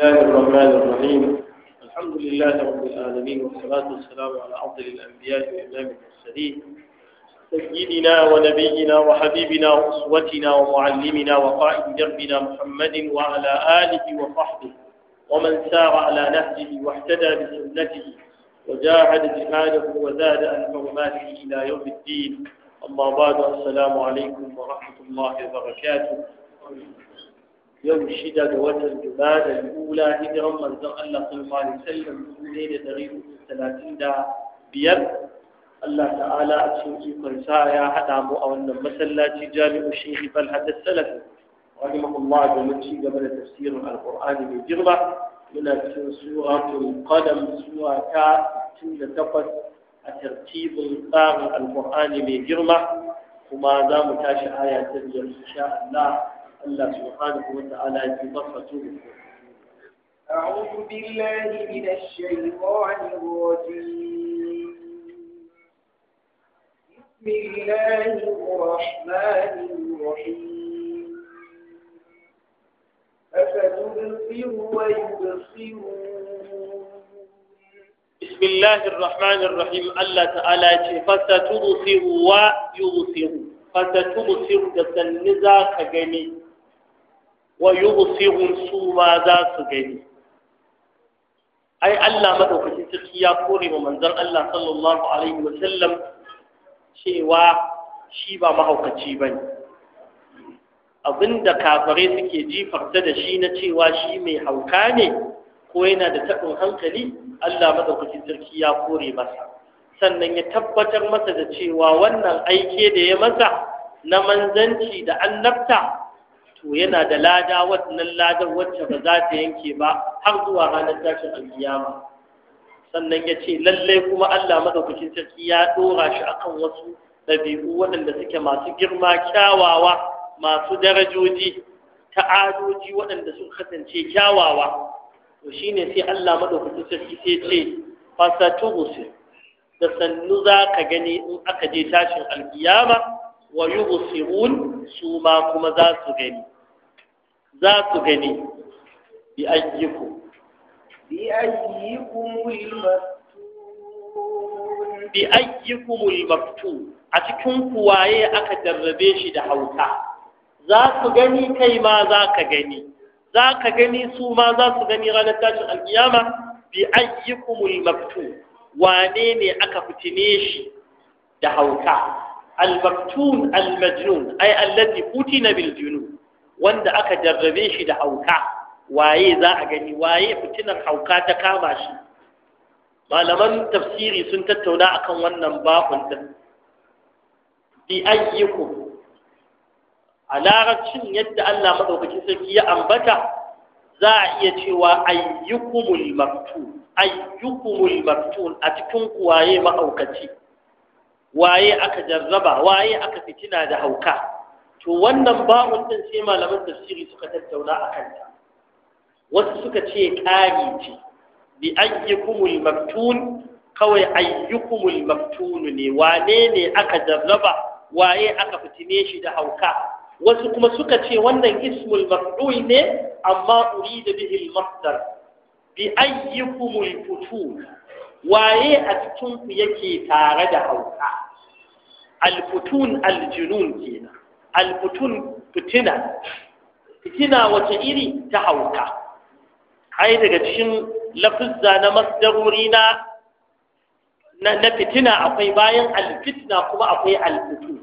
الله الرحمن الرحيم الحمد لله رب العالمين والصلاة والسلام على أفضل الأنبياء وإمام المرسلين سيدنا ونبينا وحبيبنا وأسوتنا ومعلمنا وقائد دربنا محمد وعلى آله وصحبه ومن سار على نهجه واهتدى بسنته وجاهد جهاده وزاد عن حرماته إلى يوم الدين أما بعد السلام عليكم ورحمة الله وبركاته yau shida ga watan Juba da Yula hijiran manzon Allah sallallahu alaihi wasallam ne da dari talatin da biyar Allah ta'ala a cikin ikon sa ya haɗa mu a wannan masallaci jami'u Sheikh Talhat Salafi rahimahullah domin ci gaba da tafsirin alkur'ani mai girma muna cikin suratul Qadam sura ta 68 a tartibin tsarin alkur'ani mai girma kuma za mu tashi aya ta biyar insha Allah الله سبحانه وتعالى في مصر أعوذ بالله من الشيطان الرجيم بسم الله الرحمن الرحيم أفتبصر ويبصرون بسم الله الرحمن الرحيم الله تعالى فستبصر ويبصر فستبصر تسنزا كجني wa yubsirun su ma za su gani ai Allah madaukakin sarki ya kore wa manzon Allah sallallahu alaihi wa sallam cewa shi ba mahaukaci bane abinda kafare suke jifarta da shi na cewa shi mai hauka ne ko yana da taɓin hankali Allah madaukakin sarki ya kore masa sannan ya tabbatar masa da cewa wannan aike da ya masa na manzanci da annabta to yana da lada wannan ladar wacce ba za ta yanke ba har zuwa ranar tashin alkiyama sannan ya ce lallai kuma Allah madaukakin sarki ya dora shi akan wasu ɗabi'u waɗanda suke masu girma kyawawa masu darajoji ta'adoji waɗanda suka kasance kyawawa to shine sai Allah madaukakin sarki sai ce fasatubusi da sannu za ka gani in aka je tashin alkiyama wa su ma kuma za su gani za su gani bi ayyiku bi ayyikum a cikin kuwaye aka jarrabe shi da hauta za su gani kai ma za ka gani za ka gani su ma za su gani ranar tashin alkiyama bi ku maftun wane ne aka fitine shi da hauta al maftun al majnun ay allati utina bil junun wanda aka jarrabe shi da hauka waye za a gani waye fitinar hauka ta kama shi malaman tafsiri sun tattauna akan wannan babun din bi ayyuku a larabcin yadda Allah madaukakin sarki ya ambata za a iya cewa ayyukumul maftun ayyukumul maftun a cikin waye ma'aukaci. waye aka jarraba waye aka fitina da hauka to wannan ba'un din sai malaman tafsiri suka tattauna a kanta wasu suka ce ƙari ce bi ayyukumul maftun kawai ayyukumul maftun ne wane ne aka jarraba waye aka fitine shi da hauka wasu kuma suka ce wannan ismul maf'ul ne amma urida bihi al-masdar bi ayyukumul futun waye a cikin ku yake tare da hauka al-futun al-junun kenan alfutun fitina fitina wace iri ta hauka ai daga cikin lafizza na masdarori na na fitina akwai bayan alfitna kuma akwai alfutu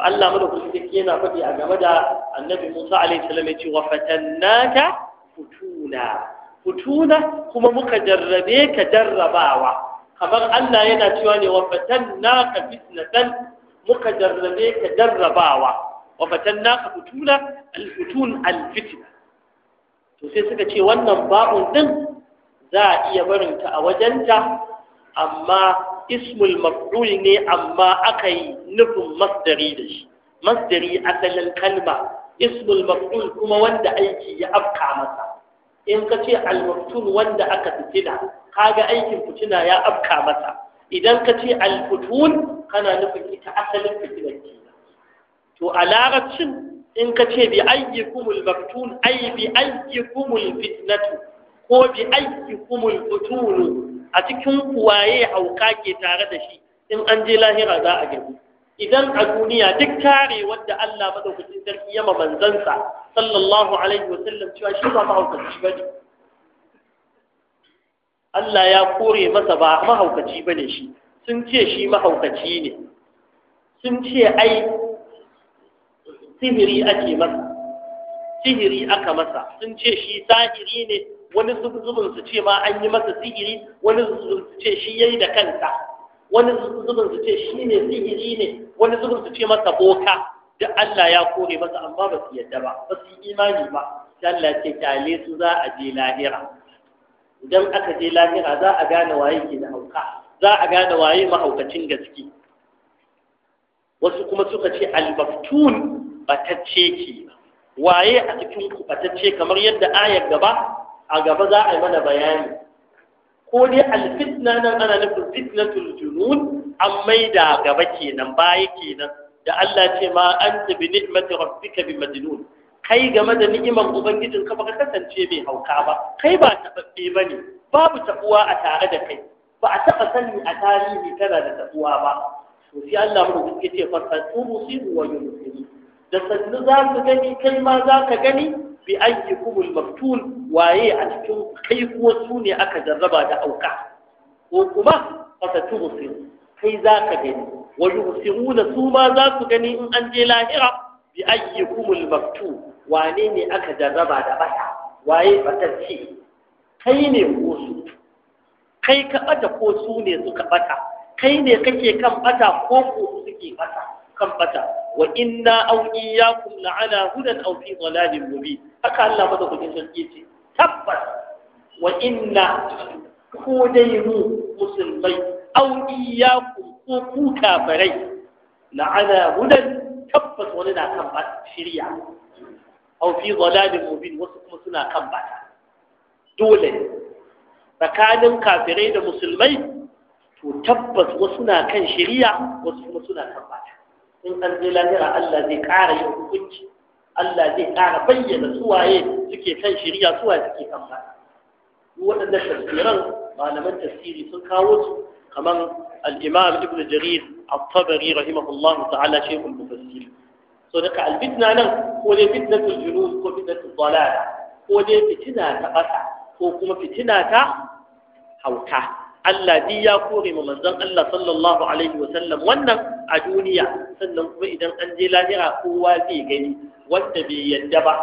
Allah da sarki yana faɗi a game da annabi Musa alaihi salam yace wa fatannaka futuna futuna kuma muka jarrabe ka jarrabawa kamar Allah yana cewa ne wa fatannaka fitnatan muka jarrabe ka jarrabawa wa fatanna ka futula alfutun alfitina to sai suka ce wannan ba'un din za a iya barinta a wajenta amma ismul maf'ul ne amma aka yi nufin masdari da shi masdari asalin kalma ismul maf'ul kuma wanda aiki ya afka masa in ka ce almaftun wanda aka fitina kaga aikin fitina ya afka masa idan ka ce alfutun kana nufin ita asalin fitinar kenan to a larabcin in ka ce bi ayyikumul maftun ay bi kumul fitnatu ko bi kumul futunu a cikin kuwaye hauka ke tare da shi in an je lahira za a gani idan a duniya duk kare wadda Allah madaukakin sarki ya manzansa sallallahu alaihi wa sallam cewa shi ba mahaukaci bane Allah ya kore masa ba mahaukaci bane shi sun ce shi mahaukaci ne sun ce ai sihiri ake masa sihiri aka masa sun ce shi sahiri ne wani zubin su ce ma an yi masa sihiri wani zubin su ce shi yayi da kanta. wani zubin su ce shi ne sihiri ne wani zubin su ce masa boka duk Allah ya kore masa amma ba su yadda ba ba su yi imani ba sai Allah ce kyale su za a je lahira idan aka je lahira za a gane waye ke da hauka za a gane waye mahaukacin gaske wasu kuma suka ce albaftun batacce ke waye a cikin ku batacce kamar yadda ayar gaba a gaba za a yi mana bayani ko dai alfitna nan ana nufin fitnatul junun an maida gaba kenan baya kenan da Allah ce ma ta bi ni'mati rabbika bi majnun kai game da ni'imar ubangijin ka baka kasance mai hauka ba kai ba tababbe bane babu tabuwa a tare da kai ba a taɓa sani a tarihi tana da tsakuwa ba to sai Allah mu ya ce fa tasubu sibu wa yunsibu da sannu za su gani kai ma za ka gani bi ayyikumul maftul waye a cikin kai kuwa su ne aka jarraba da auka ko kuma fa tasubu kai za ka gani wa yusiruna su ma za su gani in an je lahira bi ayyikumul maftul wane ne aka jarraba da bata waye batacce kai ne ko su kai ka bata ko su ne suka bata kai ne kake kan bata ko ko suke bata kan bata wa inna aw iyyakum la'ala hudan aw fi dhalalin mubin haka Allah madaukakin sarki ce tabbas wa inna ko dai mu musulmai aw iyyakum ko ku kafirai la'ala hudan tabbas wani na kan bata shirya aw fi dhalalin mubin wasu kuma suna kan bata dole tsakanin kafirai da musulmai to tabbas wasu na kan shari'a wasu kuma suna kan bata in an je lahira Allah zai ƙara yin hukunci Allah zai ƙara bayyana suwaye suke kan shari'a suwaye suke kan bata waɗannan tafsiran malaman tafsiri sun kawo su kamar al-Imam Ibn Jarir At-Tabari rahimahullah ta'ala shaykhul mufassir so daga al-fitna nan ko dai fitnatul junun ko fitnatul dalala ko dai fitina ta ƙasa ko kuma fitina ta hauka Allah duk ya kore ma manzon Allah sallallahu alaihi wa sallam wannan a duniya sannan kuma idan an je lahira kowa zai gani wanda bai yadda ba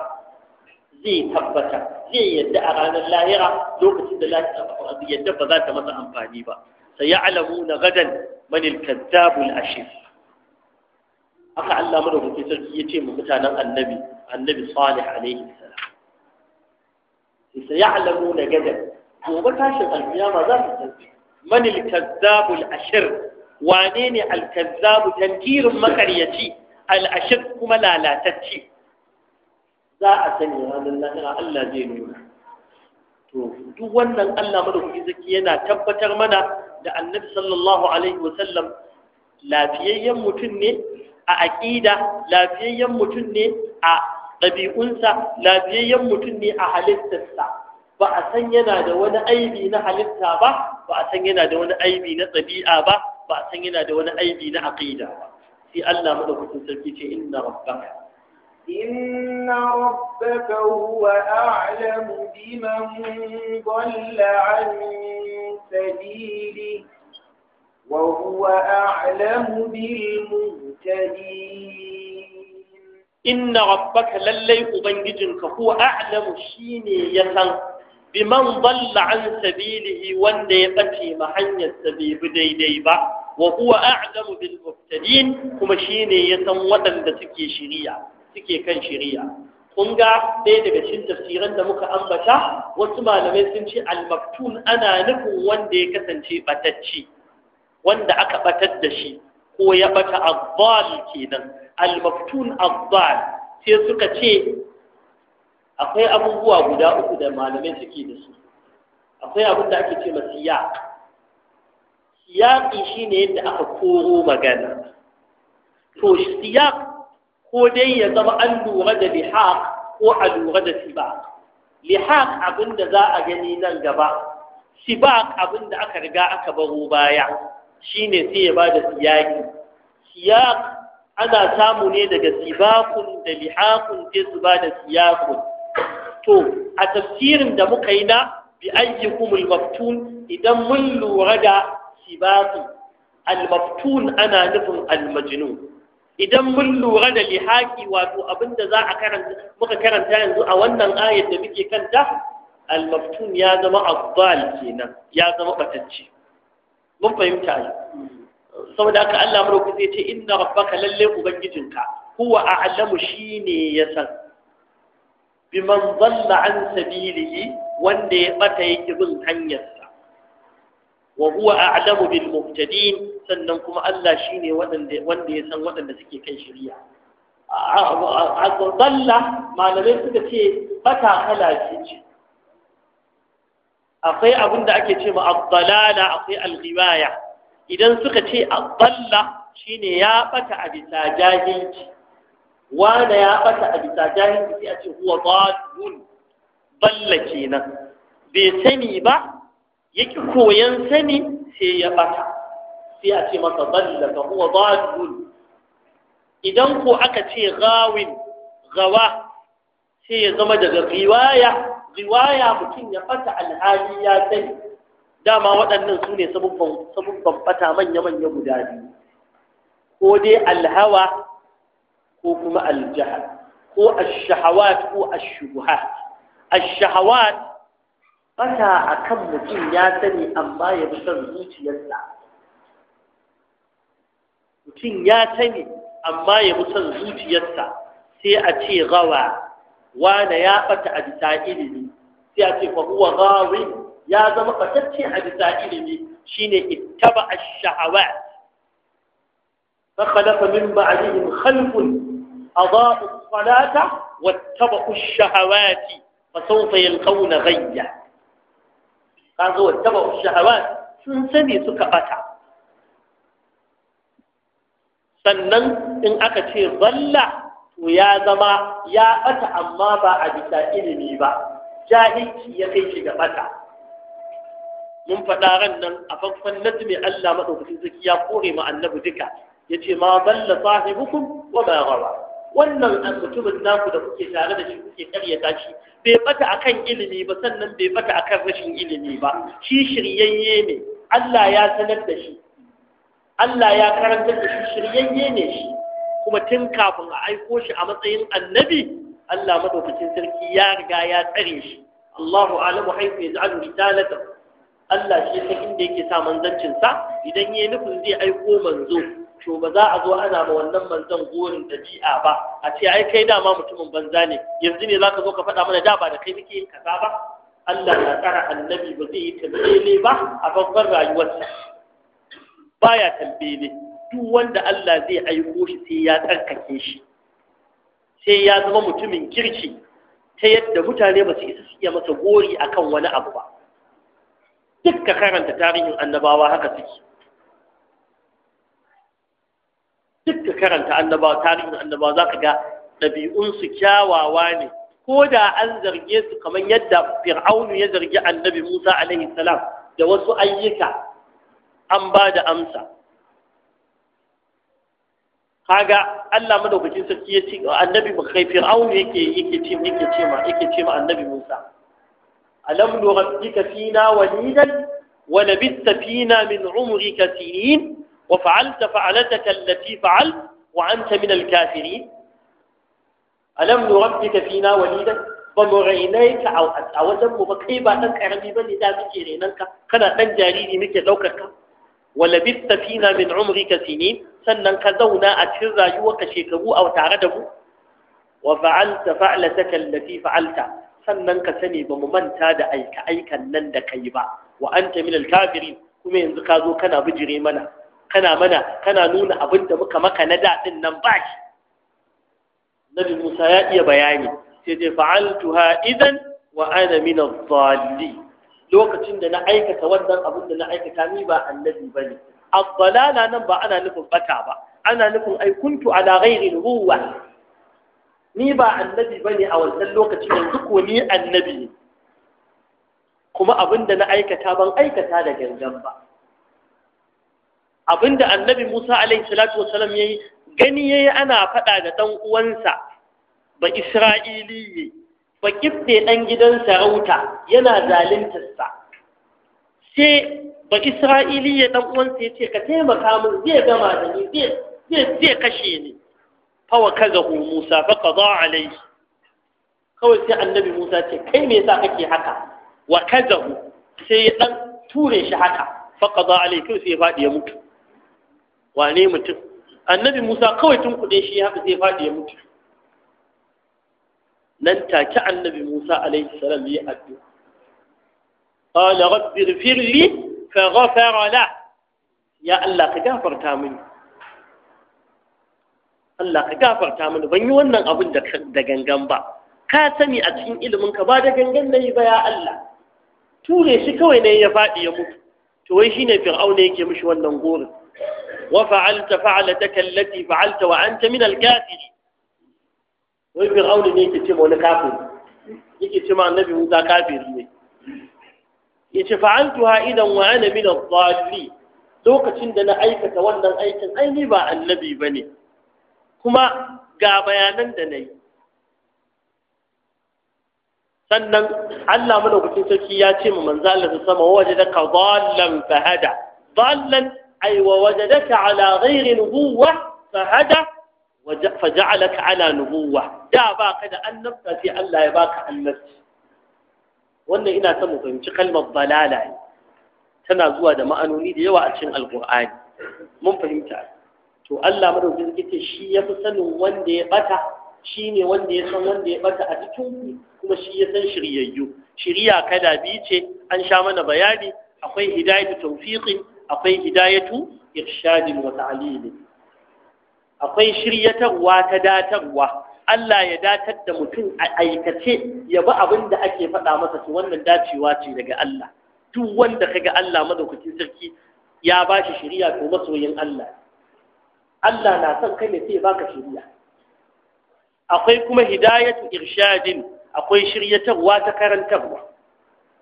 zai tabbata zai yadda a ranar lahira lokacin da lahira yadda ba za ta masa amfani ba alamu na سيعلمون غدا من Allah الأشر أخا الله مره في تركية mutanen Annabi, Annabi صالح عليه السلام سيعلمون غدا gobe tashin alkiyama za su san man al-kazzab al-ashir wane ne al-kazzab tankirin makaryaci al-ashir kuma lalatacci za a sani ranar lahira Allah zai nuna to duk wannan Allah madaukaki zaki yana tabbatar mana da annabi sallallahu lafiyayyen mutum ne a aƙida. lafiyayyen mutum ne a ɗabi'unsa lafiyayyen mutum ne a halittarsa ba a san yana da wani aibi na halitta ba ba a san yana da wani aibi na ɗabi'a ba ba a san yana da wani aibi na aƙida ba sai Allah madaukakin sarki ce inna rabbaka إن ربك هو أعلم بمن ضل عن سبيله وهو أعلم بالمهتدين inna rabbaka lallai ubangijinka huwa a'lamu shine ya san biman dalla an sabilihi wanda ya bace ma hanyar bi daidai ba wa huwa a'lamu bil muhtadin kuma shine ya san waɗanda suke shiriya suke kan shiriya kun ga ɗaya daga cikin tafsiran da muka ambata wasu malamai sun ce al maktun ana nufin wanda ya kasance batacci wanda aka batar da shi ko ya bata azzal kenan al-maftun abdal sai suka ce akwai abubuwa guda uku da malamai suke da su akwai abin da ake ce ma siyaq siyaqi ne yadda aka koro magana to siyaq ko dai ya zama an lura da lihaq ko a lura da sibaq lihaq abin da za a gani nan gaba sibaq abin da aka riga aka baro baya shine sai ya bada siyaƙi siyaq ana samu ne daga sibakun da lihakun sai su da siyakun to a tafsirin da muka yi na bi ayyukumul maftun idan mun lura da Sibakun, al-maftun ana nufin al-majnun idan mun lura da lihaki wato abinda za a karanta muka karanta yanzu a wannan ayar da muke kanta al-maftun ya zama abdal kenan ya zama batacce mun fahimta ne saboda haka Allah marauki zai ce inna rabbaka lalle ubangijinka huwa a'lamu ne ya san biman dhalla an sabilihi wanda ya bata yake bin hanyarsa wa huwa a'lamu bil muhtadin sannan kuma Allah shi ne wanda ya san waɗanda suke kan shari'a Zalla, malamai suka ce bata kala ce akwai abin da ake ce ma abdalala akwai alghibaya idan suka ce a shi shine ya bata a bisa jahilci wanda ya bata a bisa jahilci sai a ce huwa dalun balla kenan bai sani ba yake koyan sani sai ya bata sai a ce masa balla fa huwa dalun idan ko aka ce gawin gawa sai ya zama daga riwaya riwaya mutum ya fata alhali ya sani dama waɗannan su ne sabubban bata manya-manya guda biyu ko dai alhawa ko kuma aljahar ko ashahawat ko ashubuhat ashahawat a akan mutum ya sani amma ya bi son zuciyarsa mutum ya sani amma ya bi son zuciyarsa sai a ce gawa wane ya ɓata a bisa ilimi sai a ce fa huwa gawin ya zama batacce a bisa ilimi shine ittaba ash-shahawat fa khalafa min ba'dihim khalqun adaa'u as-salata wattaba'u ash-shahawati fa sawfa yalqawna ghayya kazo wattaba'u ash-shahawat sun sani suka bata sannan in aka ce zalla to ya zama ya bata amma ba a bisa ilimi ba jahilci ya kai shi ga bata mun faɗa ran nan a farkon mai Allah madaukakin zaki ya kore mu annabi duka yace ma dalla sahibukum wa ma ghawa wannan mutumin naku da kuke tare da shi kuke karyata shi bai bata akan ilimi ba sannan bai bata akan rashin ilimi ba shi shiryayye ne Allah ya sanar da shi Allah ya karantar da shi shiryayye ne shi kuma tun kafin a aiko shi a matsayin annabi Allah madaukakin sarki ya riga ya tsare shi Allahu a'lamu haythu yaj'alu risalatahu Allah shi ta inda yake sa manzancinsa idan ya nufin zai aiko manzo to ba za a zo ana ma wannan manzan gorin da ji'a ba a ce ai kai dama mutumin banza ne yanzu ne zaka zo ka faɗa mana da ba da kai muke yin kaza ba Allah na tsara annabi ba zai yi tambele ba a babbar rayuwarsa baya tambele duk wanda Allah zai aiko shi sai ya tsarkake shi sai ya zama mutumin kirki ta yadda mutane ba su isa su iya masa gori akan wani abu ba duk ka karanta tarihin annabawa haka suke duk ka karanta annabawa tarihin annabawa za ka ga ɗabi'unsu kyawawa ne ko da an zarge su kamar yadda fir'aunu ya zargi annabi musa alaihi salam da wasu ayyuka an ba da amsa kaga Allah madaukakin sarki ya ce annabi bakai fir'aunu yake yake ce yake ce ma yake ce ma annabi musa ألم نربك فينا وليدا ولبثت فينا من عمرك سنين وفعلت فعلتك التي فعلت وأنت من الكافرين ألم نربك فينا وليدا فمريناك أو أزم بكيبا تنكرني بني دا مكيرينك كان تنجاريني مكي ذوكك ولبثت فينا من عمرك سنين سنن كذونا أتشرى يوك شيكبو أو تعردبو وفعلت فعلتك التي فعلتها sannan ka sani ba mu manta da aika aikan nan da kai ba wa an min al kuma yanzu ka zo kana bijire mana kana mana kana nuna abin da muka maka na daɗin nan ba shi nabi Musa ya iya bayani sai dai ha idan wa ana min adh-dhalli lokacin da na aikata wannan abin da na aikata ni ba annabi bane adh-dhalala nan ba ana nufin bata ba ana nufin ai kuntu ala ghairi ruwa ni ba annabi ba ne a wannan lokaci yanzu ko ni annabi ne kuma abinda na aikata ban aikata da gangan ba abinda annabi Musa alaihi salatu ya yi, gani yi ana faɗa da ɗan uwansa ba Isra'iliye ba kifte ɗan gidan sarauta yana zalintarsa sai ba Isra'iliye ɗan uwansa ya ce ka taimaka min zai gama da ni zai kashe ni fawa kazahu Musa fa qada alayhi kawai sai annabi Musa ce kai me yasa kake haka wa kazahu sai ya dan ture shi haka fa qada alayhi kai sai ya fadi ya mutu wane mutum annabi Musa kawai tun kuɗe shi haka sai ya fadi ya mutu nan take annabi Musa alaihi salam ya addu'a qala rabbi ighfir li fa ghafara la ya Allah ka gafarta mini Allah ka gafarta mini ban yi wannan abin da gangan ba ka sani a cikin ilimin ka ba da gangan nayi ba ya Allah ture shi kawai ne ya faɗi ya mutu to wai shine fir'auna yake mishi wannan gorin wa fa'alta fa'alataka allati fa'alta wa anta min al-kafirin wai fir'auna ne yake ce ma wani kafiri yake ce ma annabi Musa kafiri ne yace fa'altuha idan wa ana min ad-dallin lokacin da na aikata wannan aikin ai ni ba annabi bane kuma ga bayanan da na yi sannan Allah madaukakin sarki ya ce ma manzo Allah sama wajadaka dhallan fahada dhallan ay wa wajadaka ala ghairi nubuwa fahada ka ala nubuwa da baka da annabta sai Allah ya baka annabci wannan ina son mu fahimci kalmar balala tana zuwa da ma'anoni da yawa a cikin alkur'ani mun fahimta to Allah madaukakin sarki shi ya fi sanin wanda ya bata shi ne wanda ya san wanda ya bata a cikin ku kuma shi ya san shiryayyu Shirya kada biyu ce an sha mana bayani akwai hidayatu tawfiqin akwai hidayatu irshadin wa akwai shiryatarwa ta datarwa Allah ya datar da mutum a aikace ya bi abin da ake faɗa masa su wannan dacewa ce daga Allah duk wanda kaga Allah madaukakin sarki ya ba shi shiriya to masoyin Allah Allah na son kai ne sai ya baka shiriya akwai kuma hidayatu irshadin akwai shiryatarwa ta karantarwa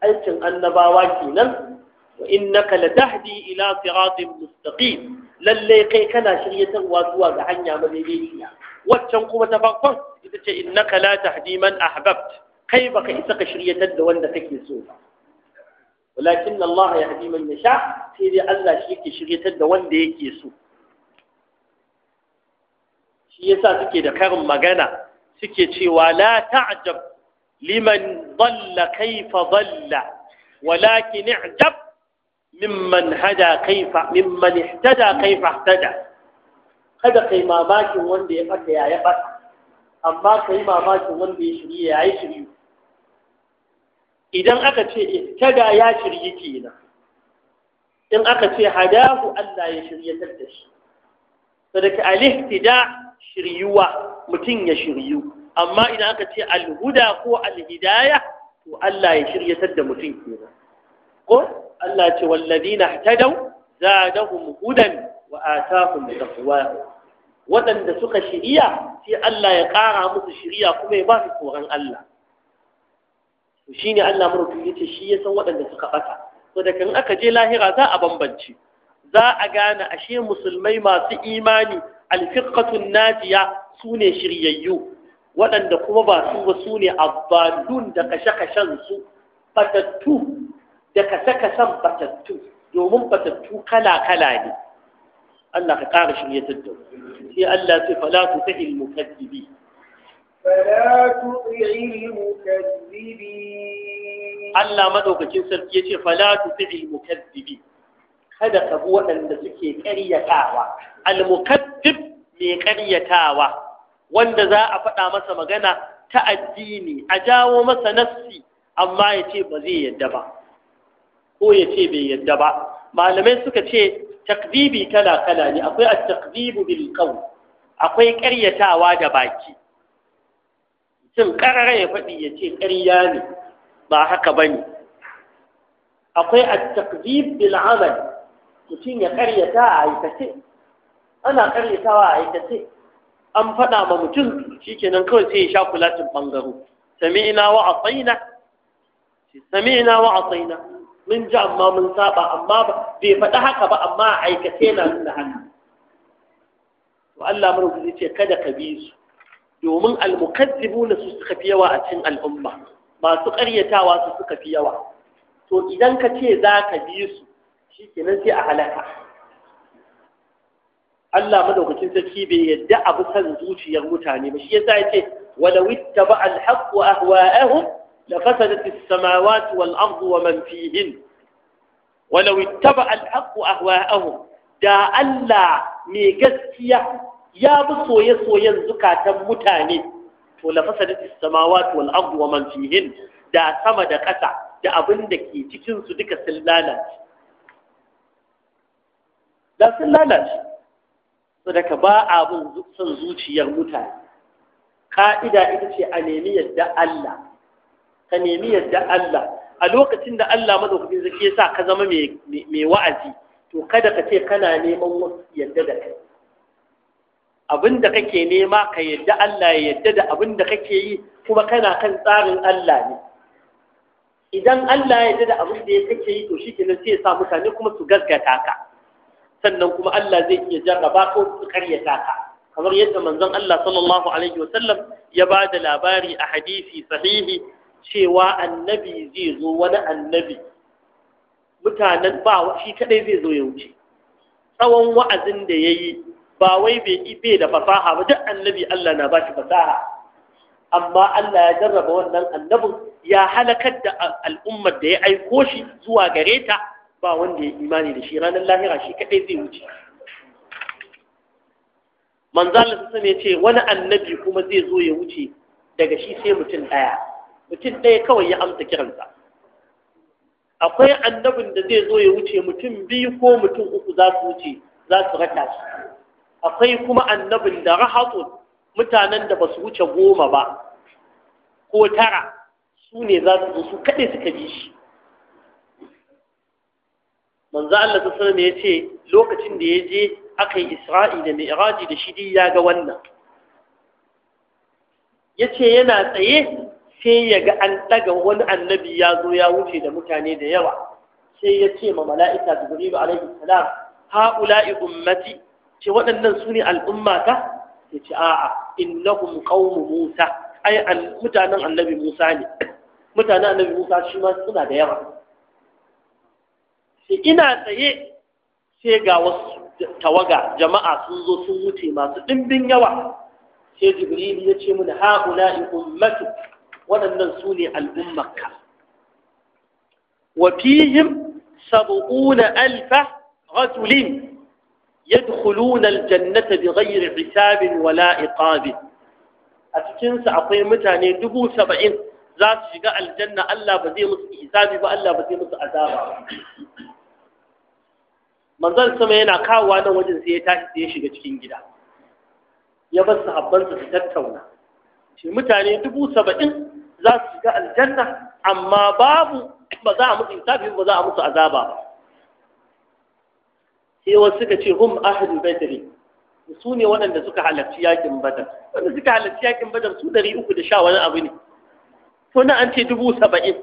aikin annabawa kenan wa innaka latahdi ila siratin mustaqim lalle kai kana shiryatarwa zuwa ga hanya madaidaiciya waccan kuma ta farkon ita ce innaka la tahdi man ahbabt kai baka isa ka shiryatar da wanda kake so ba walakin Allah ya hadi man yasha sai dai Allah shi yake shiryatar da wanda yake so shi yasa suke da karin magana suke cewa la ta'jab liman dalla kaifa dalla walakin i'jab mimman hada kaifa mimman ihtada kaifa ihtada kada kai mamakin wanda ya bata ya ya bata amma kai mamakin wanda ya shirye ya yi shirye idan aka ce ihtada ya shirye kenan in aka ce hadahu Allah ya shiryatar da shi sadaka al-ihtida shiryuwa mutum ya shiryu amma idan aka ce alhuda ko alhidaya to Allah ya shiryatar da mutum kenan ko Allah ya ce walladina ihtadaw zadahum hudan wa atahum taqwa waɗanda suka shiriya sai Allah ya ƙara musu shiriya kuma ya ba su tsoron Allah to shine Allah murutu yace shi ya san waɗanda suka ɓata to da kan aka je lahira za a bambance za a gane ashe musulmai masu imani alfiqatun najiya su ne shiryayyu waɗanda kuma ba su ba su ne abbadun da kashe-kashen su batattu da kasa-kasan batattu domin batattu kala-kala ne Allah ka ƙara shirya tatta'u. sai Allah ce fala tu ta ilmu kaddibi fala tu ilmu kaddibi Allah madaukakin sarki ya ce Falatu tu ta ilmu kaddibi kada ka bi waɗanda suke ƙaryatawa al mai ƙaryatawa wanda za a faɗa masa magana ta addini a jawo masa nassi amma ya ce ba zai yadda ba ko ya ce bai yadda ba malamai suka ce takdibi kala kala ne akwai a takdibu bil akwai ƙaryatawa da baki mutum ƙarara ya faɗi ya ce ƙarya ne ba haka ba ne akwai a takdib bil amal mutum ya ƙaryata a aikace ana karyatawa a aikace an faɗa ma mutum shikenan kawai sai ya sha kulatin bangaro ina wa a sami'na wa mun ji amma mun saba amma bai faɗi haka ba amma a aikace na nuna hannu to Allah marubutsi ce kada ka bi su domin almukazzibuna su suka fi yawa a cikin al'umma masu karyatawa su suka fi yawa to idan ka ce za ka bi su shikenan sai a halaka Allah madaukakin sarki bai yadda abu san zuciyar mutane ba shi yasa yace wala wittaba al-haqq wa ahwa'ahum la fasadat as-samawati wal ardu wa man fihin wala wittaba al-haqq wa ahwa'ahum da Allah mai gaskiya ya bi soye-soyen zukatan mutane to la fasadat as-samawati wal ardu wa man fihin da sama da ƙasa da abin da ke cikin su duka sun lalace da sun lalace so daga ba abun son zuciyar mutane ka'ida ita ce a nemi yadda Allah ka nemi yadda Allah a lokacin da Allah madaukakin zaki sa ka zama mai wa'azi to kada ka ce kana neman yadda da kai abin da kake nema ka yadda Allah ya yadda da abin da kake yi kuma kana kan tsarin Allah ne idan Allah ya yadda da abin da ya kake yi to shi kenan sai ya sa mutane kuma su gaskata ka sannan kuma Allah zai iya jarraba ko su karyata ka kamar yadda manzon Allah sallallahu alaihi wasallam ya ba da labari a hadisi sahihi cewa annabi zai zo wani annabi mutanen ba shi kadai zai zo ya wuce tsawon wa'azin da yayi ba wai bai ibe da fasaha ba duk annabi Allah na ba shi fasaha amma Allah ya jarraba wannan annabin ya halakar da al'ummar da ya aiko shi zuwa gare ta ba wanda ya imani da shi ranar lahira shi kadai zai wuce manzo Allah sai ce wani annabi kuma zai zo ya wuce daga shi sai mutum ɗaya mutum ɗaya kawai ya amsa kiransa akwai annabin da zai zo ya wuce mutum biyu ko mutum uku za su wuce za su raka shi akwai kuma annabin da rahatun mutanen da ba su wuce goma ba ko tara su ne za su zo su kaɗai suka bi shi manzo Allah sallallahu alaihi ya ce lokacin da ya je aka yi Isra'i da Mi'raji da shidi ya ga wannan Ya ce yana tsaye sai ya ga an daga wani annabi ya zo ya wuce da mutane da yawa sai ya ce ma mala'ika da Jibril alaihi salam ha'ula'i ummati ce waɗannan su ne al'ummata ya ce a'a innahum qaumu Musa ai mutanen annabi Musa ne mutanen annabi Musa shi ma suna da yawa ina tsaye sai ga wasu tawaga jama'a sun zo sun wuce masu ɗimbin yawa sai jibril ya ce mun haula in ummatu waɗannan su ne al'ummarka wa fihim sab'una alfa rajulin يدخلون الجنة بغير حساب ولا عقاب أتكين سأقوي متاني دبو سبعين ذات شقاء الجنة ألا بزي مس إحسابي وألا بزي مس عذابا manzon sama yana kawowa nan wajen sai ya tashi sai ya shiga cikin gida ya bar sahabbansa su tattauna shi mutane dubu saba'in za su shiga aljanna amma babu ba za a musu insafi ba za a musu azaba ba sai wasu suka ce hum ahlu badri su ne waɗanda suka halarci yakin badar wanda suka halarci yakin badar su ɗari uku da sha wani abu ne to na an ce dubu saba'in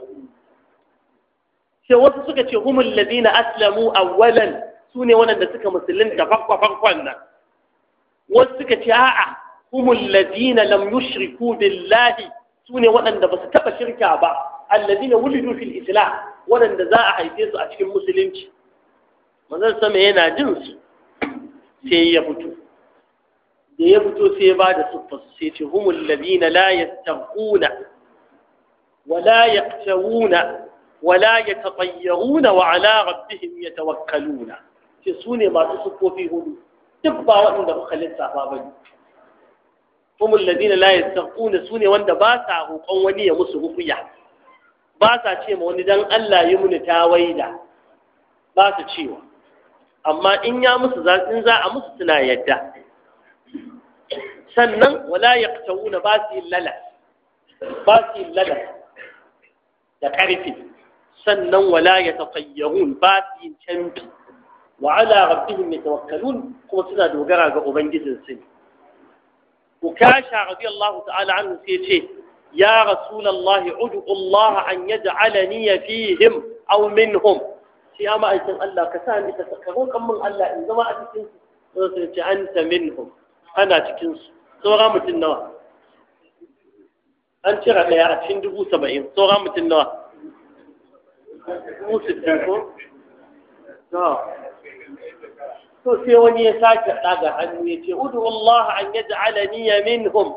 sai wasu suka ce humul ladina aslamu awwalan su ne waɗanda suka musulunta farko-farkon nan wasu suka ce a'a humul ladina lam yushriku billahi su ne waɗanda ba su taɓa shirka ba alladina wulidu fil islam waɗanda za a haife su a cikin musulunci manzon sama yana jin su sai ya fito da ya fito sai ba da siffa sai ce humul ladina la yastaquna wala yaqtawuna wala yatatayyaruna wa ala rabbihim ce su ne masu siffofi hudu duk ba waɗanda ba lissafa ba ba ne humul ladina la ne su ne wanda ba sa hukon wani ya musu hukuya ba sa ce ma wani dan Allah yi muni ta da ba su cewa amma in ya musu za in za a musu suna yadda sannan wala wuna ba su lala ba su lala da karfi sannan wala ya yataqayyarun ba su yin canbi wa ala rabbihim yatawakkalun kuma suna dogara ga ubangijin su ukasha radiyallahu ta'ala anhu sai ce ya rasulullahi ud'u Allah an yaj'alani fihim aw minhum shi amma aikin Allah ka sa ni ka sakaro kan mun Allah in zama a cikin su sai ce anta minhum ana cikin su sauran mutum nawa an cira daya a cikin dubu saba'in sauran mutum nawa dubu sittin ko to sai wani ya sake ɗaga hannu ya ce udu Allah an ya ja'ala ni ya minhum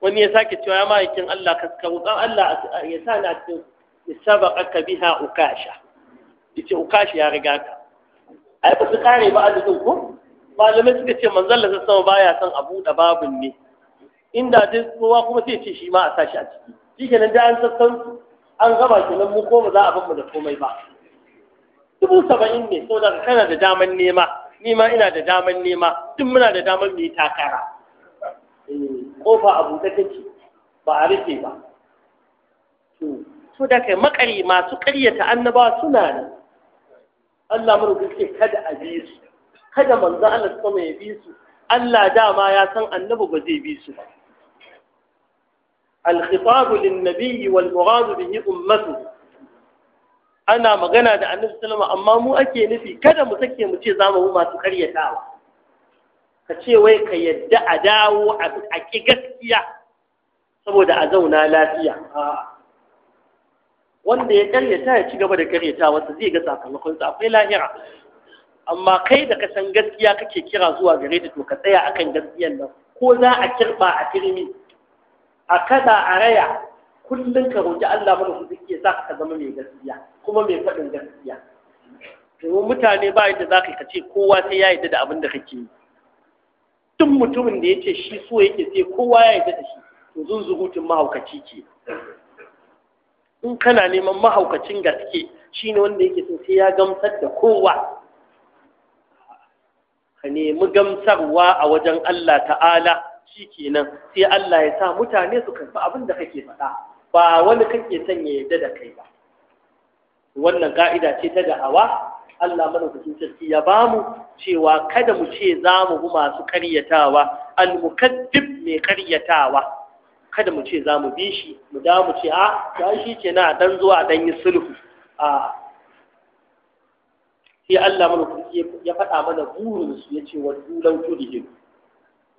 wani ya sake cewa ya ma'aikin Allah ka roƙan Allah ya sa na cikin sabaqaka biha ukasha yace ukasha ya riga ka ai ba su kare ba azumin ko malamai suka ce manzon Allah sama baya son abu da babun ne inda dai kowa kuma sai ce shi ma a sashi a ciki kenan da an sassan an gaba kenan mu ko ba za a bar mu da komai ba dubu saba'in ne saboda kana da daman nema ni ma ina da daman nema duk muna da damar mu yi takara kofa abu ta take ba a rufe ba To da kai makari masu ƙaryata annaba suna ne Allah mun gaske kada a bi su kada manzo Allah sama ya bi su Allah dama ya san annabi ba zai bi su ba الخطاب wal والمراد yi أمته ana magana da annabi sallama amma mu ake nufi kada mu sake mu ce za mu masu karyatawa ka ce wai ka yadda a dawo a ake gaskiya saboda a zauna lafiya wanda ya karyata ya ci gaba da karyata wata zai ga sakamakon sa akwai lahira amma kai da ka san gaskiya kake kira zuwa gare ta to ka tsaya akan gaskiyan nan ko za a kirba a firmi a kada a raya kullum ka roƙi Allah mana ku suke sa ka zama mai gaskiya kuma mai faɗin gaskiya domin mutane ba yadda za ka ce kowa sai ya yadda da abin da kake yi duk mutumin da ya ce shi so yake sai kowa ya yadda da shi to zunzurutun mahaukaci ke in kana neman mahaukacin gaske shi wanda yake so sai ya gamsar da kowa ka nemi gamsarwa a wajen Allah ta'ala shi kenan sai Allah ya sa mutane su karɓi abin da kake faɗa ba wani kake son ya yadda da kai ba wannan ka'ida ce ta da'awa Allah madaukakin sarki ya bamu cewa kada mu ce za mu bi masu karyatawa al-mukaddib mai karyatawa kada mu ce za mu bi shi mu da mu ce a ta shi ke na dan zuwa dan yi sulhu a sai Allah madaukakin ya faɗa mana burin su ya ce wa dulau tudihim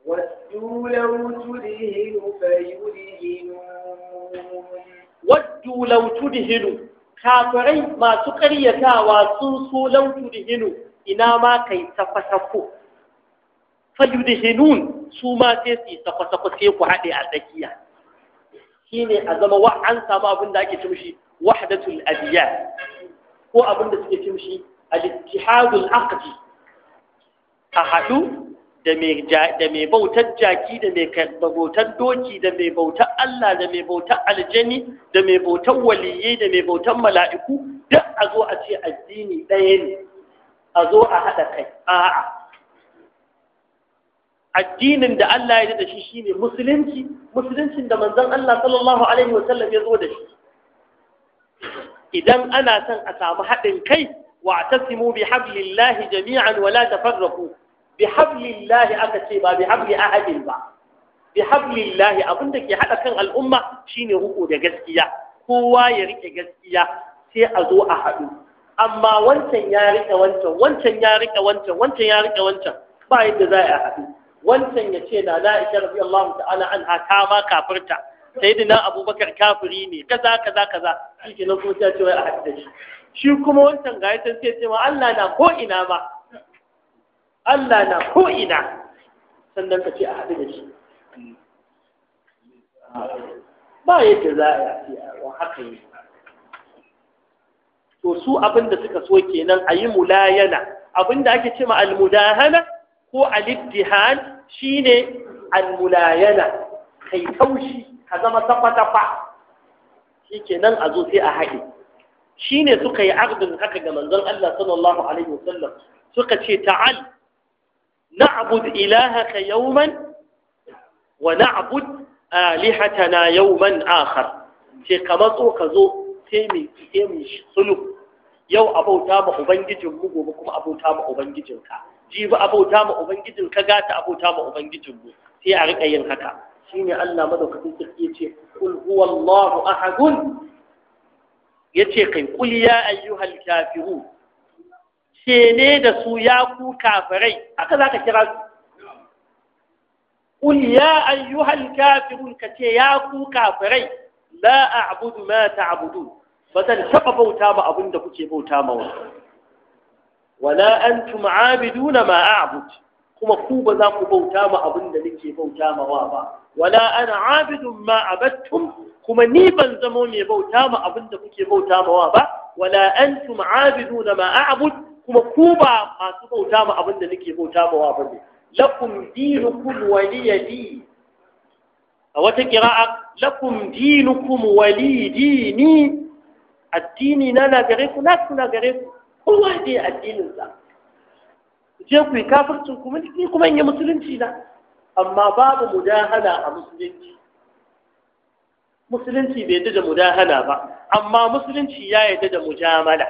wa dulau tudihim fa yudihim waddu da hinu kafirai masu karyatawa sun so da hinu ina ma kai tafasako hinun su ma sai su tafasako sai ku haɗe a tsakiya shine a zama wa an samu abin da ake cimshi wahdatul adiyan ko abin da suke cimshi al-ittihadul aqdi a haɗu da mai da bautar jaki da mai bautar doki da mai bautar Allah da mai bautar aljani da mai bautar Waliyyai, da mai bautar mala'iku duk a zo a ce addini ɗaya ne a zo a haɗa kai a'a addinin da Allah ya da shi shine musulunci musuluncin da manzon Allah sallallahu alaihi wa sallam ya zo da shi idan ana son a samu haɗin kai wa tasimu bi hablillahi jami'an wala la tafarraqu bi hablillahi aka ce ba bi habli ahadin ba bi hablillahi abin da ke hada kan al'umma shine ruko da gaskiya kowa ya rike gaskiya sai a zo a haɗu amma wancan ya rike wancan wancan ya rike wancan wancan ya rike wancan ba yadda za a haɗu wancan ya ce na la'isha rafi Allah ta'ala an haka ma kafirta sayyidina abubakar kafiri ne kaza kaza kaza shi ke nan kuma sai ce wai a haɗu da shi shi kuma wancan ga ya sai ce ma Allah na ko ina ma Allah na ko'ina sannan ka ce a haɗu da shi ba yadda za a yi wa haka yi to su abin da suka so kenan a yi mulayana abin da ake ce ma almudahana ko aliddihan shine almulayana kai taushi ka zama tafa-tafa shi kenan a zo sai a haɗe Shi ne suka yi ardin haka ga manzon Allah sallallahu alaihi wasallam suka ce ta'al na'bud ilahaka yawman wa na'bud alihatana yawman akhar ce ka matso ka zo sai mu sai mu sulu yau abauta ma ubangijin mu gobe kuma abauta ma ubangijin ka jibi abauta ma ubangijin ka gata abauta ma ubangijin mu sai a rika yin haka shine Allah madaukakin sarki yace kul huwallahu ahadun yace kai kul ya ayyuhal kafirun ce ne da su ya ku kafirai aka za ka kira su ƙul ya ayyuhal kafirun ka ya ku kafirai la a abudu ma ta ba zan taɓa bauta ba abin da kuke bauta ma wani wala an tu ma'abidu na ma'abud kuma ku ba za ku bauta ma abin da nake bauta ma wa ba wala an abidun ma'abattum kuma ni ban zamo mai bauta ma abin da kuke bauta ma wa ba wala an tu ma'abidu na ma'abud kuma ku ba masu bauta ma abin da nake bauta ma wa bane lakum dinukum waliyadi a wata kira'a lakum dinukum ni? addini na na gare ku na na gare ku kowa ne addinin sa je ku yi kafircin kuma ni kuma in yi musulunci na amma babu mudahala a musulunci musulunci bai yadda da mudahana ba amma musulunci ya yadda da mujamala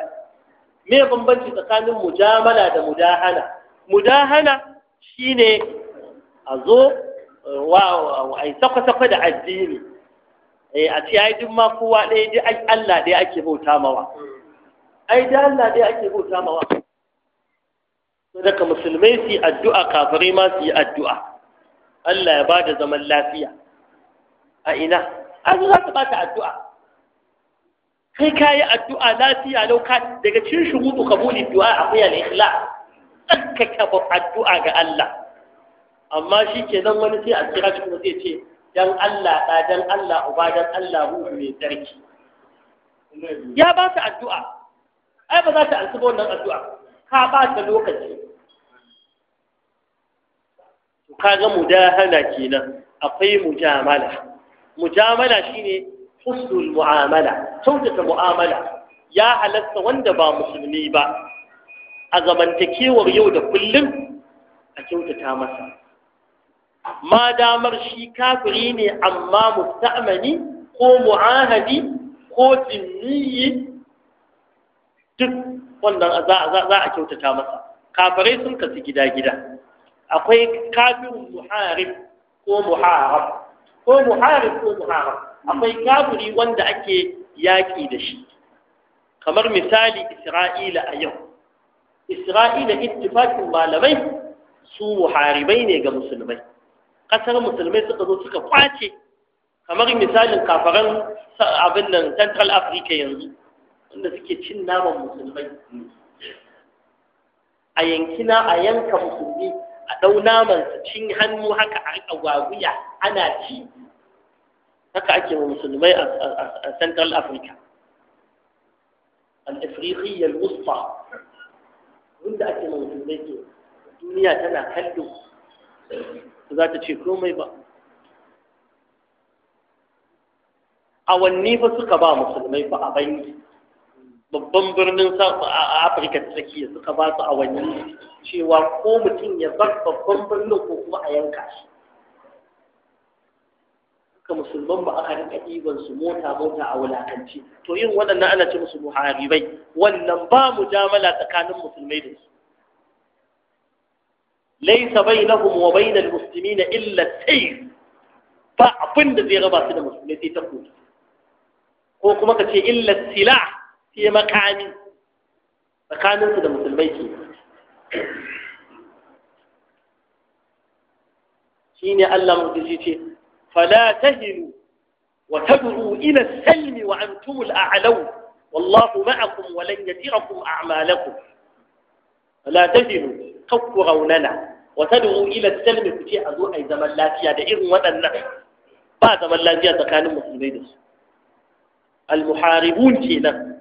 me bambanci tsakanin mujamala da mudahana mudahana shine a zo wa ai sakwa-sakwa da addini eh, a ci ai duk ma kowa ɗaya dai ai Allah ɗaya ake bauta mawa ai da Allah ɗaya ake bauta mawa to daga musulmai su yi addu'a kafirai ma su yi addu'a Allah ya bada zaman lafiya a ina an za su bata addu'a sai ka yi addu'a lafiya lau ka daga cin shugudu kabulin du'a da al-ikhlas tsarkake addu'a ga Allah amma shi ke zan wani sai a kira shi kuma zai ce dan Allah ɗa dan Allah uba dan Allah ruhu mai tsarki ya ba ta addu'a ai ba za ta ansu ba wannan addu'a ka ba ta lokaci ka ga mudahana kenan akwai mujamala mujamala shine usul mu'amala kyautata mu'amala ya halasta wanda ba musulmi ba a zamantakewar yau da kullum a kyautata masa ma damar shi kafiri ne amma musta'mani ko mu'ahadi ko jinniyi duk wannan za a kyautata masa kafirai sun kasu gida-gida akwai kafin muharib ko muharab ko muharib ko muharab akwai kafiri wanda ake yaƙi da shi kamar misali isra'ila a yau isra'ila ittifaqin malamai su muharibai ne ga musulmai ƙasar musulmai suka zo suka kwace kamar misalin kafaran abin nan central africa yanzu wanda suke cin naman musulmai a yankina a yanka musulmi a ɗau naman su cin hannu haka a gwaguya ana ci haka ake wa musulmai a central africa al-afriqiyya al-wusta wanda ake wa musulmai ke duniya tana kallo za ta ce komai ba awanni ba suka ba musulmai ba a banki babban birnin a afirka ta tsakiya suka ba su awanni cewa ko mutum ya bar babban birnin ko kuma a yanka shi ka musulman ba aka rika ɗiban su mota mota a wulakanci to yin waɗannan ana ce musu muharibai wannan ba mu jamala tsakanin musulmai da su laisa bainahum wa bainal muslimina illa tayr ba abin da zai raba su da musulmai sai ta ko kuma ka ce illa sila sai makami tsakanin su da musulmai ke shine Allah mu ce فلا تهنوا وتدعوا إلى السلم وأنتم الأعلون والله معكم ولن يتركم أعمالكم فلا تهنوا كفروننا وتدعوا إلى السلم كتي أزوء أي زمن لا فيها إذن ودنا بعد زمن لا فيها تكان المسلمين المحاربون كينا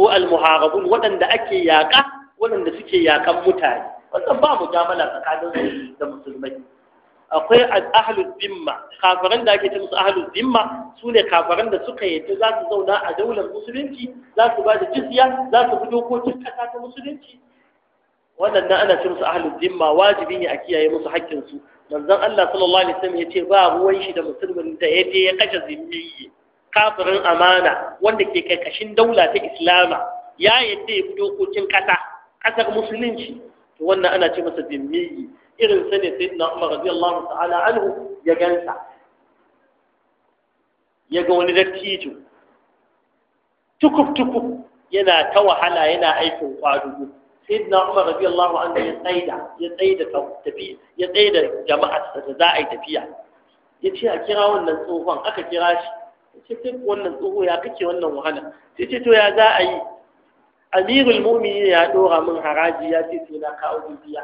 هو المحاربون ودن دا ياك ياكا ودن ياك سكي ياكا متاني wannan ba akwai ahlul zimma kafaran da ake ce musu ahlul zimma su ne kafaran da suka yi za su zauna a daular musulunci za su ba da jizya za su bi dokokin ƙasa ta musulunci waɗannan ana cin su ahlul zimma wajibi ne a kiyaye musu haƙƙinsu manzon Allah sallallahu alaihi wasallam ya ce ba ruwan shi da musulmin da ya je ya kashe zimmiyi kafirin amana wanda ke karkashin daula ta islama ya yadda ya fi dokokin ƙasa ƙasar musulunci to wannan ana ce masa zimmiyi irin sa ne sayyidina Umar radiyallahu ta'ala anhu ya gansa ya ga wani dattijo tukuk tukub yana ta wahala yana aikin sai sayyidina Umar radiyallahu anhu ya tsaida ya tsaida tafiya ya tsaida da za a yi tafiya ya ce a kira wannan tsohon aka kira shi ya ce wannan tsoho ya kake wannan wahala sai ce to ya za a yi amirul mu'minin ya dora min haraji ya ce sai na kawo bibiya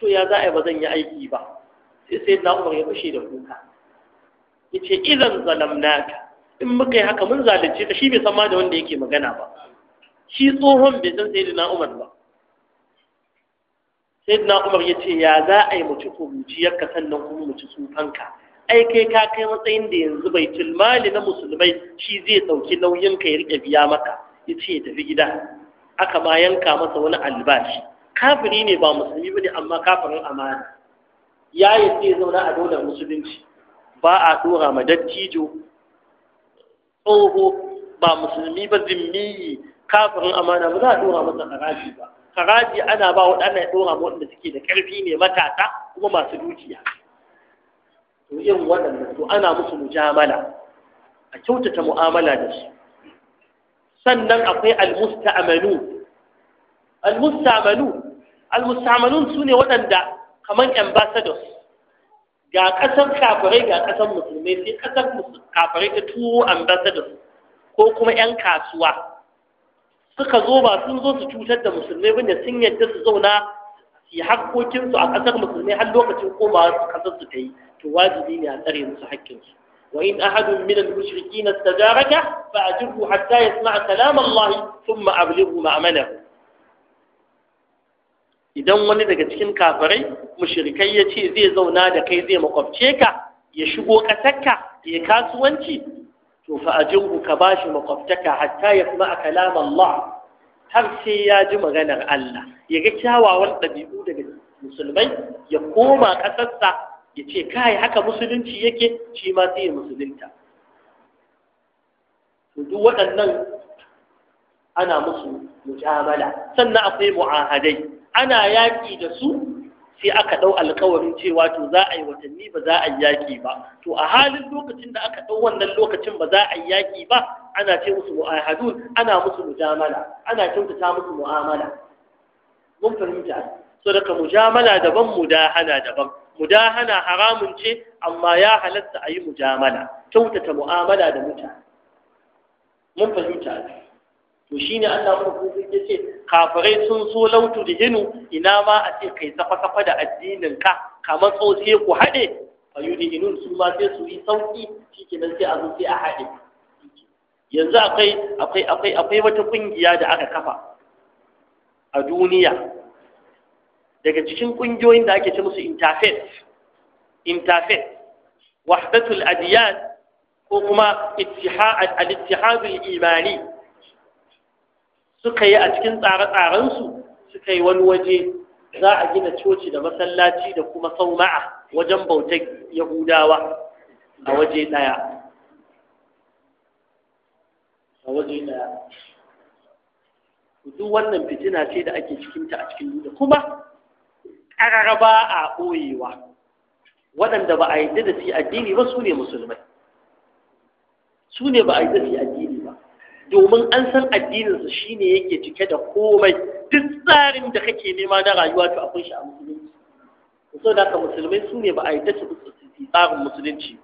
to ya za a yi ba zan yi aiki ba sai sai na umar ya fashe da kuka ya ce idan ka in muka yi haka mun zalunce ka shi bai san ma da wanda yake magana ba shi tsohon bai san sai na umar ba sai na umar ya ce ya za a yi ko ci kuruciyarka sannan kuma mace tsufanka ai kai ka kai matsayin da yanzu bai tilmali na musulmai shi zai sauki nauyin ka ya riƙe biya maka ya ce ya tafi gida aka ma yanka masa wani albashi kafiri ne ba musulmi bane amma kafirin amana ya yi sai zauna a dole musulunci ba a dora ma dattijo tsoho ba musulmi ba zimmiyi kafirin amana ba za a dora masa haraji ba haraji ana ba waɗanda ya dora waɗanda suke da ƙarfi ne matasa kuma masu dukiya to irin waɗannan to ana musu mujamala a kyautata mu'amala da su sannan akwai almusta'amalu almusta'amalu almustamalun su ne waɗanda kamar ambassadors ga ƙasar kafirai ga ƙasar musulmai sai ƙasar kafirai ta tuwo ambassadors ko kuma 'yan kasuwa suka zo ba sun zo su cutar da musulmai bane sun yadda su zauna su yi haƙƙoƙinsu a ƙasar musulmai har lokacin komawa su ƙasar su ta yi to wajibi ne a tsare musu haƙƙinsu وإن أحد من المشركين استجارك فأجره حتى يسمع كلام الله ثم أبلغه مأمنه idan wani daga cikin kafirai mushrikai ya ce zai zauna da kai zai makwabce ka ya shigo ƙasarka ya kasuwanci to fa ajinku ka bashi makwabtaka hatta ya kuma kalam Allah har sai ya ji maganar Allah ya ga kyawawan ɗabi'u daga musulmai ya koma ƙasarsa ya ce kai haka musulunci yake shi ma sai ya musulunta duk waɗannan ana musu mujamala sannan akwai mu'ahadai ana yaƙi da su sai aka ɗau alkawarin cewa to za a yi watanni ba za a yi yaƙi ba to a halin lokacin da aka ɗau wannan lokacin ba za a yi yaƙi ba ana ce musu mu'ahadun ana musu mujamala ana kyautata musu mu'amala mun fahimta so daga mujamala daban mudahana daban mudahana haramun ce amma ya halatta a yi mujamala kyautata mu'amala da mutane mun fahimta to ne Allah mu ko ce kafirai sun so lautu da hinu ina ma a ce kai safa safa da addinin ka kamar tsotse ku hade da hinun su ma sai su yi sauki nan sai a zo sai a hade yanzu akwai akwai akwai akwai wata kungiya da aka kafa a duniya daga cikin kungiyoyin da ake ce musu interfaith interfaith wahdatul adiyan ko kuma ittihad al-ittihad al-imani suka yi a cikin tsare-tsarensu suka yi wani waje za a gina coci da masallaci da kuma sauma'a wajen bautar yahudawa a waje ɗaya a waje ɗaya duk wannan fitina ce da ake cikinta a cikin duniya kuma ƙararraba a ɓoyewa waɗanda ba a yi da su addini ba su ne musulmai su ne ba a yi da su addini domin an san addininsa shi ne yake cike da komai duk tsarin da kake nema na rayuwa to akwai shi a musulunci so da ka musulmai su ne ba a yi ta tsarin musulunci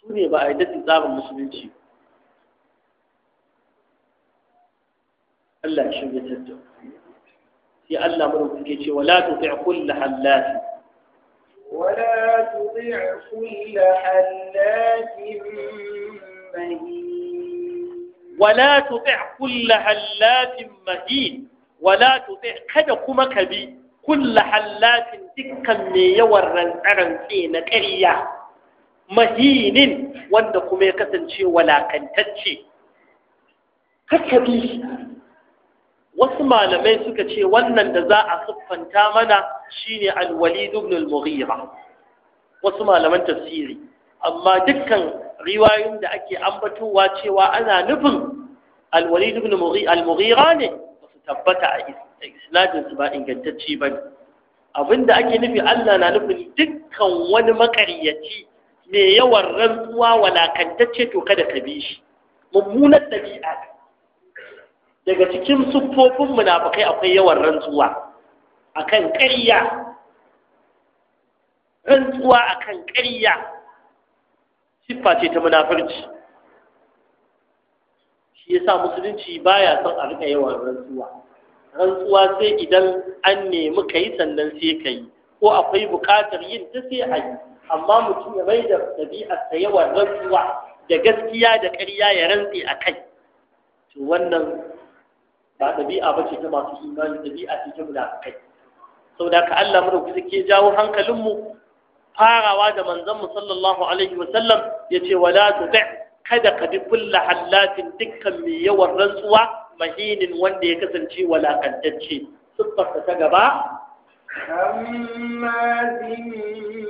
su ne ba a yi ta tsarin musulunci Allah shi ya tatta sai Allah mun kuke ce wala tuti kullu hallat wala tuti kullu hallat mahin wala tuti' kullu hallatin mahin wala tuti' kada kuma ka bi kullu hallatin dukkan mai yawan rantsarantse na ƙarya mahinin wanda kuma ya kasance walakantacce kakka bi wasu malamai suka ce wannan da za a siffanta mana shine al-walid ibn wasu malaman tafsiri amma dukkan riwayoyin da ake ambatowa cewa ana nufin al ibn al-mughira ne ba su tabbata a isnadin su ba ingantacce ba ne abinda ake nufi Allah na nufin dukkan wani makaryaci mai yawan rantsuwa walakantacce to kada ka bi shi mummunar ɗabi'a daga cikin siffofin munafukai akwai yawan rantsuwa akan ƙarya rantsuwa akan ƙarya siffa ce ta munafurci shi yasa musulunci baya son a rika yawan rantsuwa rantsuwa sai idan an nemi ka yi sannan sai ka yi ko akwai buƙatar yin ta sai a yi amma mutum ya mai da ta yawan rantsuwa da gaskiya da ƙarya ya rantse a kai to wannan ba ɗabi'a ba ce ta masu imani ɗabi'a ce ta munafurci saboda ka Allah mu rubuta ke jawo hankalinmu farawa da manzon mu sallallahu alaihi wasallam yace wala tuti kada ka bi kullu hallatin dukkan mai yawan rantsuwa mahinin wanda ya kasance walakantacce siffarsa ta gaba هماز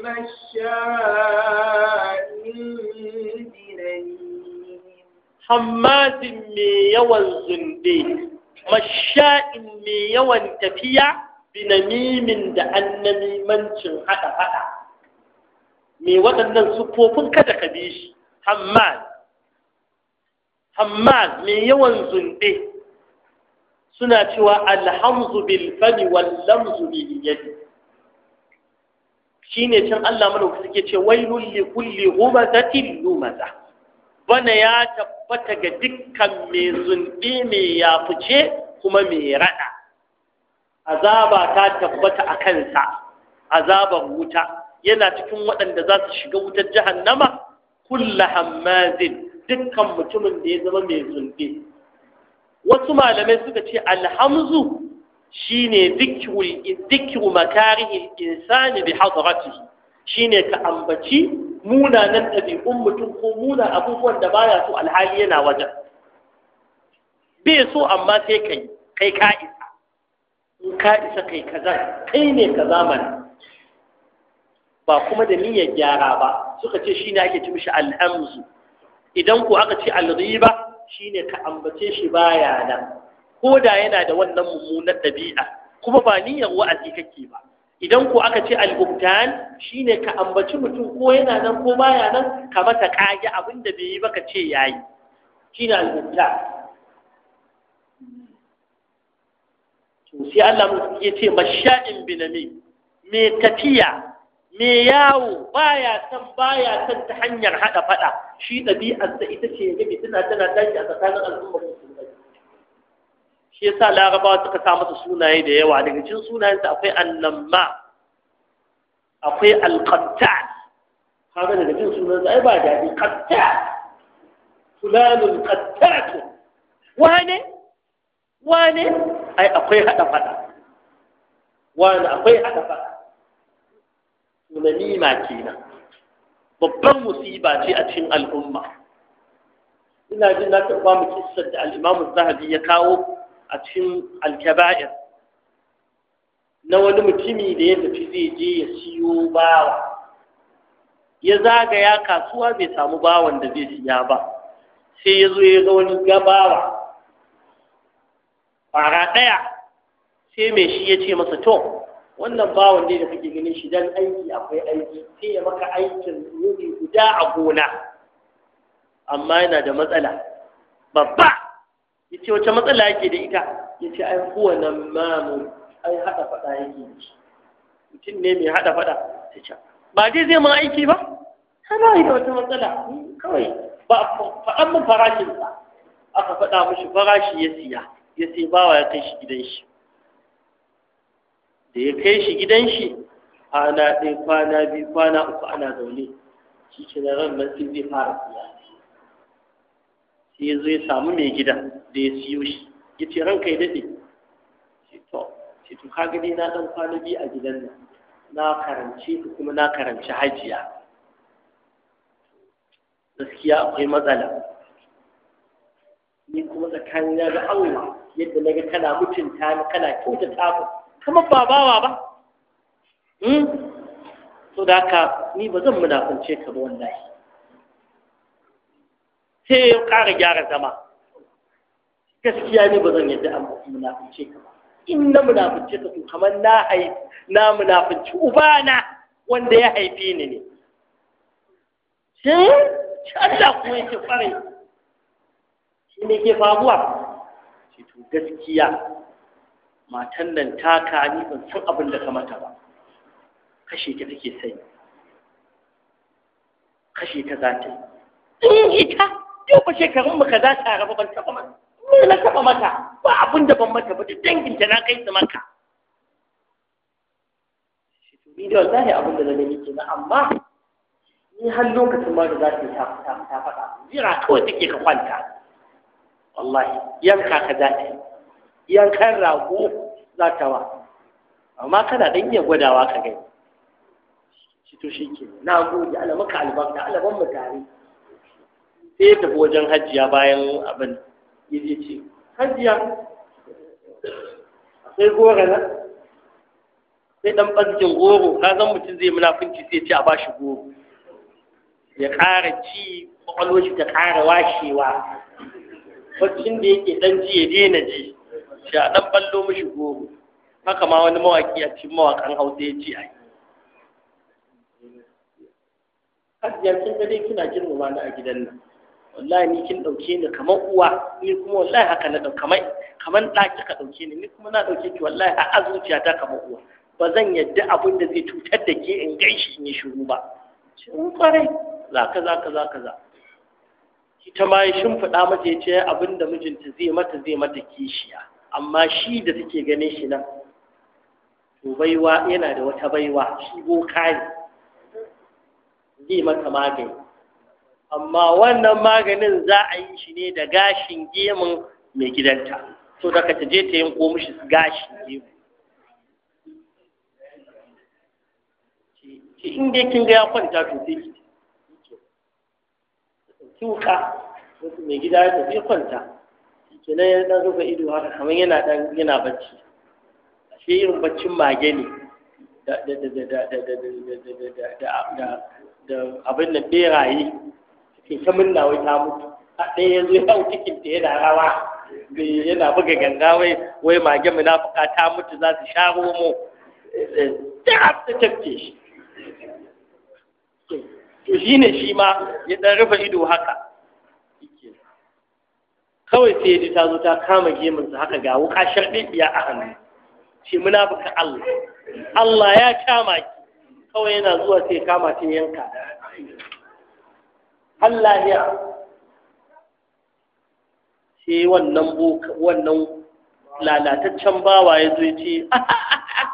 مشاء mai yawan zunde masha'in mai yawan tafiya binamimin da annamimancin hada-hada. me waɗannan sufofin kada ka bi shi hammal hammal mai yawan zunde suna cewa alhamzu bil fani wal lamzu bil yadi shine can Allah wasu suke ce wailul li kulli humazatin lumaza bana ya tabbata ga dukkan mai zunde mai fice kuma mai raɗa. azaba ta tabbata a kansa Azaban wuta yana cikin waɗanda za su shiga wutar jahannama kulla hammazin dukkan mutumin da ya zama mai zunbe. wasu malamai suka ce alhamzu shine dhikru makarihin insani da hadratihi shine ka ambaci munanan tabi'un mutum ko muna abubuwan da baya so alhali yana wajen bai so amma sai kai kai ka isa in ka isa kai ne ka zamani? ba kuma da niyyar gyara ba suka ce shine ake ci mishi al'amzu idan ko aka ce riba shine ka ambace shi baya nan ko da yana da wannan mummunar dabi'a. kuma ba niyyar wa'azi kake ba idan ko aka ce al ubtan shine ka ambaci mutum ko yana nan ko baya nan ka mata kage abin da bai yi ba ka ce yayi shine al ubtan to sai Allah ya ce masha'in binami me tafiya mai yawo baya san baya san ta hanyar hada fada shi da ita ce ga tana tana tashi a tsakanin al'ummar musulmai shi yasa larabawa suka sa masa sunaye da yawa daga cikin sunayensa akwai annamma akwai alqatta kaga daga cikin sunansa ai ba daɗi qatta fulanul qatta wane wane ai akwai hada fada wane akwai hada fada namima kenan babban musiba ce a cikin al'umma ina jin na taɓa mu kissar da al'imamu zahabi ya kawo a cikin alkaba'ir na wani mutumi da ya tafi zai je ya siyo bawa ya zagaya kasuwa bai samu bawan da zai siya ba sai ya zo ya ga wani gabawa fara ɗaya sai mai shi ya ce masa to wannan ba dai da kake ganin shi dan aiki akwai aiki sai ya maka aikin wuri guda a gona amma yana da matsala babba ya ce wace matsala yake da ita ya ce ai kowane mamu ai haɗa faɗa yake da shi mutum ne mai haɗa faɗa ta ce ba dai zai ma aiki ba hana yi da wata matsala kawai ba faɗan mun farashin ba aka faɗa mushi farashi ya siya ya sai bawa ya kai shi gidan shi da ya kai shi gidan shi ana ɗaya kwana biyu kwana uku ana zaune shi ke na ran nan zai fara siya sai zai samu mai gida da ya siyo shi ya ce ran kai daɗe ce to ce to ka gani na ɗan kwana biyu a gidan nan na karanci kuma na karanci hajiya gaskiya akwai matsala ni kuma tsakanin na ga Allah yadda na ga kana mutunta ni kana kyautata mu kamar ba bawa ba hmm? to da haka ni ba zan munafance ka ba wallahi sai ya ƙara gyara zama gaskiya ni ba zan yadda an munafince ka ba in na munafince ka to kamar na haifi na munafinci ubana wanda ya haife ni ne Sai Allah kuma yake fare shi ne ke faruwa shi to gaskiya matan nan ta kani ban san abin da ka mata ba kashe ta take sai kashe ta za ta yi in ita yau ba shekarun mu za ta raba ban saba mata mun na saba mata ba abin da ban mata ba duk dangin ta na kai su maka ni da wallahi abin da zan yi kenan amma ni har lokacin ma da za ta ta ta faɗa jira kawai take ka kwanta wallahi yanka ka za ta yi yankan rago za ta wa amma kana dan iya gwadawa ka gani shi to ke na gode ala maka albarka Allah ban mu tare sai ya tafi wajen Hajiya bayan abin ya je ce Hajiya sai gora na sai dan bazgin goro ka san mutum zai munafunci sai ce a bashi goro ya ƙara ci kwakwalwar shi ta ƙara washewa baccin da yake dan ji ya daina ji shi a ɗan ɓallo mishi goro haka ma wani mawaƙi a cikin mawaƙan hausa ya ce ai Asiya kin ga dai kina girmama na a gidan nan wallahi ni kin ɗauke ni kamar uwa ni kuma wallahi haka na ɗauka kamar kamar ɗa kika ɗauke ni ni kuma na ɗauke ki wallahi a zuciyata kamar uwa ba zan yadda abin da zai cutar da ke in gaishe in yi shiru ba in kwarai mm, za ka za ka za ka za ita ma ya shimfiɗa mata ya ce abin da mijinta zai mata zai mata kishiya amma shi da suke ganin shi nan to baiwa yana da wata baiwa shi boka ne zai maka magani amma wannan maganin za a yi shi ne da gashin gemun mai gidanta so da ka ta je ta yin komishi gashin gemu ce in dai kin ga ya kwanta to sai ki tuka mai gida ya tafi kwanta kenan ya dan rufe ido haka kamar yana dan yana bacci ashe irin baccin mage ne da da da da da da da da da abin da beraye suke ta minna wai ta mutu a ɗaya yanzu ya hau cikin ta yana rawa yana buga ganga wai wai mage munafuka ta mutu za su sha romo ta ta tafke shi to shine shi ma ya dan rufe ido haka kawai sai ya ta zo ta kama gemunsa haka ga wuka sharɗiɗiya a hannu ce munafuka Allah Allah ya kama ki kawai yana zuwa sai kama ta yanka Allah ya ce wannan wannan lalataccen bawa ya zo ce ah, ah, ah,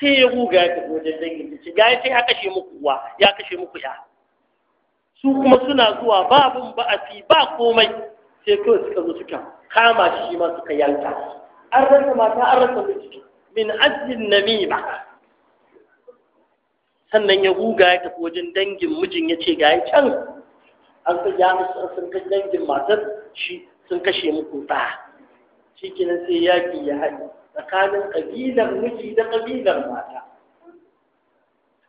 sai ya buga ya tafi wajen dangin ta ce ga ya ce ya kashe muku wa ya kashe muku ya su kuma suna zuwa babun ba'afi ba komai sai kawai suka zo suka kama shi ma suka yanka an rasa mata an rasa miji min ajin namima sannan ya guga ya tafi wajen dangin mijin ya ce ga can an ka ya musu sun kashe dangin matar shi sun kashe muku ɗa shi kenan sai yaƙi ya haɗu tsakanin ƙabilar miji da ƙabilar mata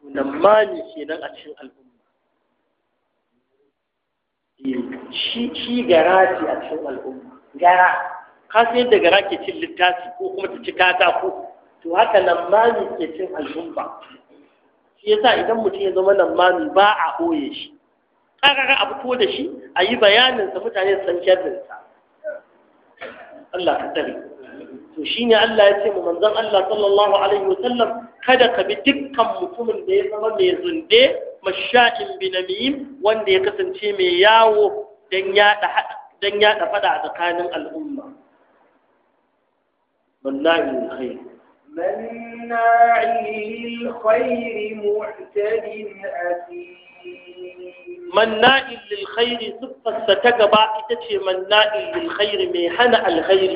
tunan mani kenan a cikin al'umma shi gara ce a cikin al'umma gara ka san yadda gara ke cin littafi ko kuma ta ci katako to haka nan mami ke cin al'umma shi yasa idan mutum ya zama nan mami ba a ɓoye shi ƙarara a fito da shi a yi bayaninsa mutane su san sa. Allah ka tare to shine Allah ya ce mu manzon Allah sallallahu alaihi wa sallam kada ka bi dukkan mutumin da ya zama mai zunde masha'in binamim wanda ya kasance mai yawo don yaɗa faɗa a tsakanin al'umma wallahi mun kai ta gaba معتد أثيم مناع للخير صفة ستجبا إتشي مناع للخير ميحنا الخير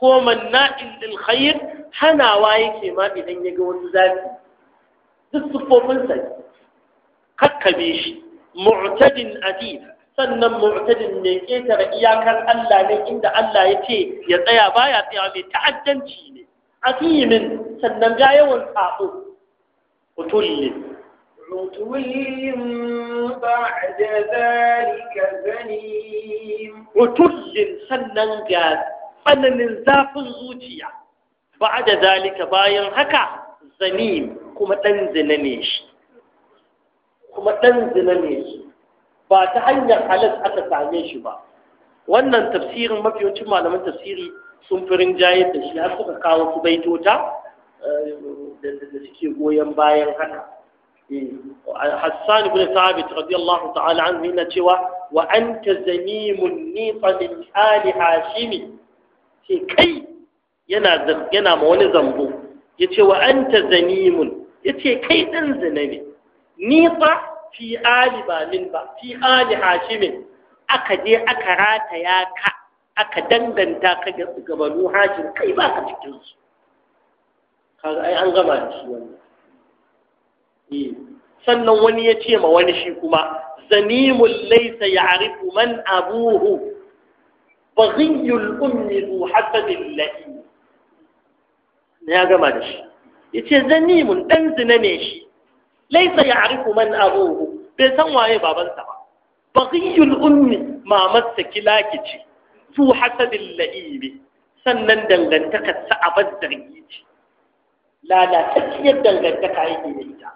ko manna'in lilkhair hanawa yake ma idan ya ga wani zafi duk siffofinsa ne kame shi mu'tadin adib sannan mu'tadin mai ketare iyakar Allah ne inda Allah ya ce ya tsaya baya tsaya mai ta'addanci ne atimin sannan ga yawan tsafo utulli utullin sannan ga tsananin zafin zuciya ba da zalika bayan haka zanim kuma ɗan zina ne shi kuma ɗan zina ne ba ta hanyar halas aka same shi ba wannan tafsirin mafi malaman tafsiri sun fi rinjaye da shi har suka kawo su baitota eh, da suke goyon bayan haka eh, Hassan ibn Thabit radiyallahu ta'ala anhu yana cewa wa anta zamimun nifa min ali hashimi kai yana yana ma wani zambo yace wa anta zamimun yace kai dan zina nitsa fi ali ba min ba fi ali hashimin aka je aka rataya ka aka danganta ka ga gabanu hashim kai ba ka cikin su kaga ai an gama da shi wannan eh, sannan wani ya ce ma wani shi kuma zanimul laysa ya'rifu man abuhu baghiyul ummi zu hasadil lahi ya gama da shi yace zanimun dan zina ne shi laisa ya arifu man abubu bai san waye babansa ba baghiyul ummi mamarsa kilaki ce su hasadin la'ibi sannan dangantakar sa abad zargi ce lalatacciyar dangantaka yake da ita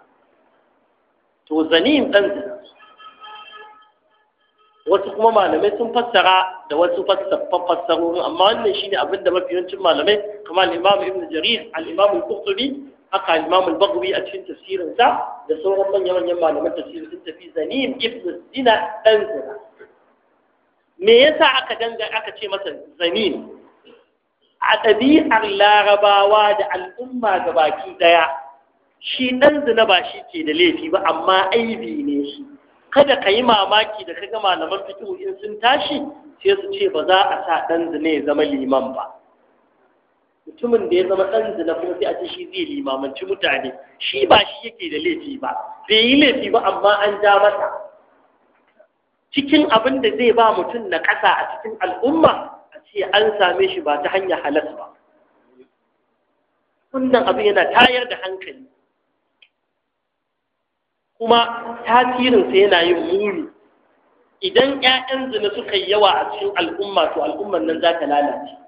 to zanin dan wasu kuma malamai sun fassara da wasu fassarorin amma wannan shine abin da mafi yawancin malamai kamar imam Ibn Jarir al-Imam Al-Qurtubi haka imam al a cikin tafsirin sa da sauran manyan manyan malaman tafsiri sun tafi zanim ibn zina dan zina me yasa aka danga aka ce masa zanim a ɗabi'ar larabawa da al'umma ga baki ɗaya shi ɗan zina ba shi ke da laifi ba amma aibi ne shi kada ka yi mamaki da kaga malaman fikihu in sun tashi sai su ce ba za a sa ɗan zina ya zama liman ba mutumin da ya zama ɗan zina kuma sai a ce shi zai limamanci mutane shi ba shi yake da laifi ba bai yi laifi ba amma an ja masa cikin abin da zai ba mutum na ƙasa a cikin al'umma a ce an same shi ba ta hanyar halas ba wannan abin yana tayar da hankali kuma tasirinsa yana yin muni idan 'ya'yan zina suka yi yawa a cikin al'umma to al'ummar nan za ta lalace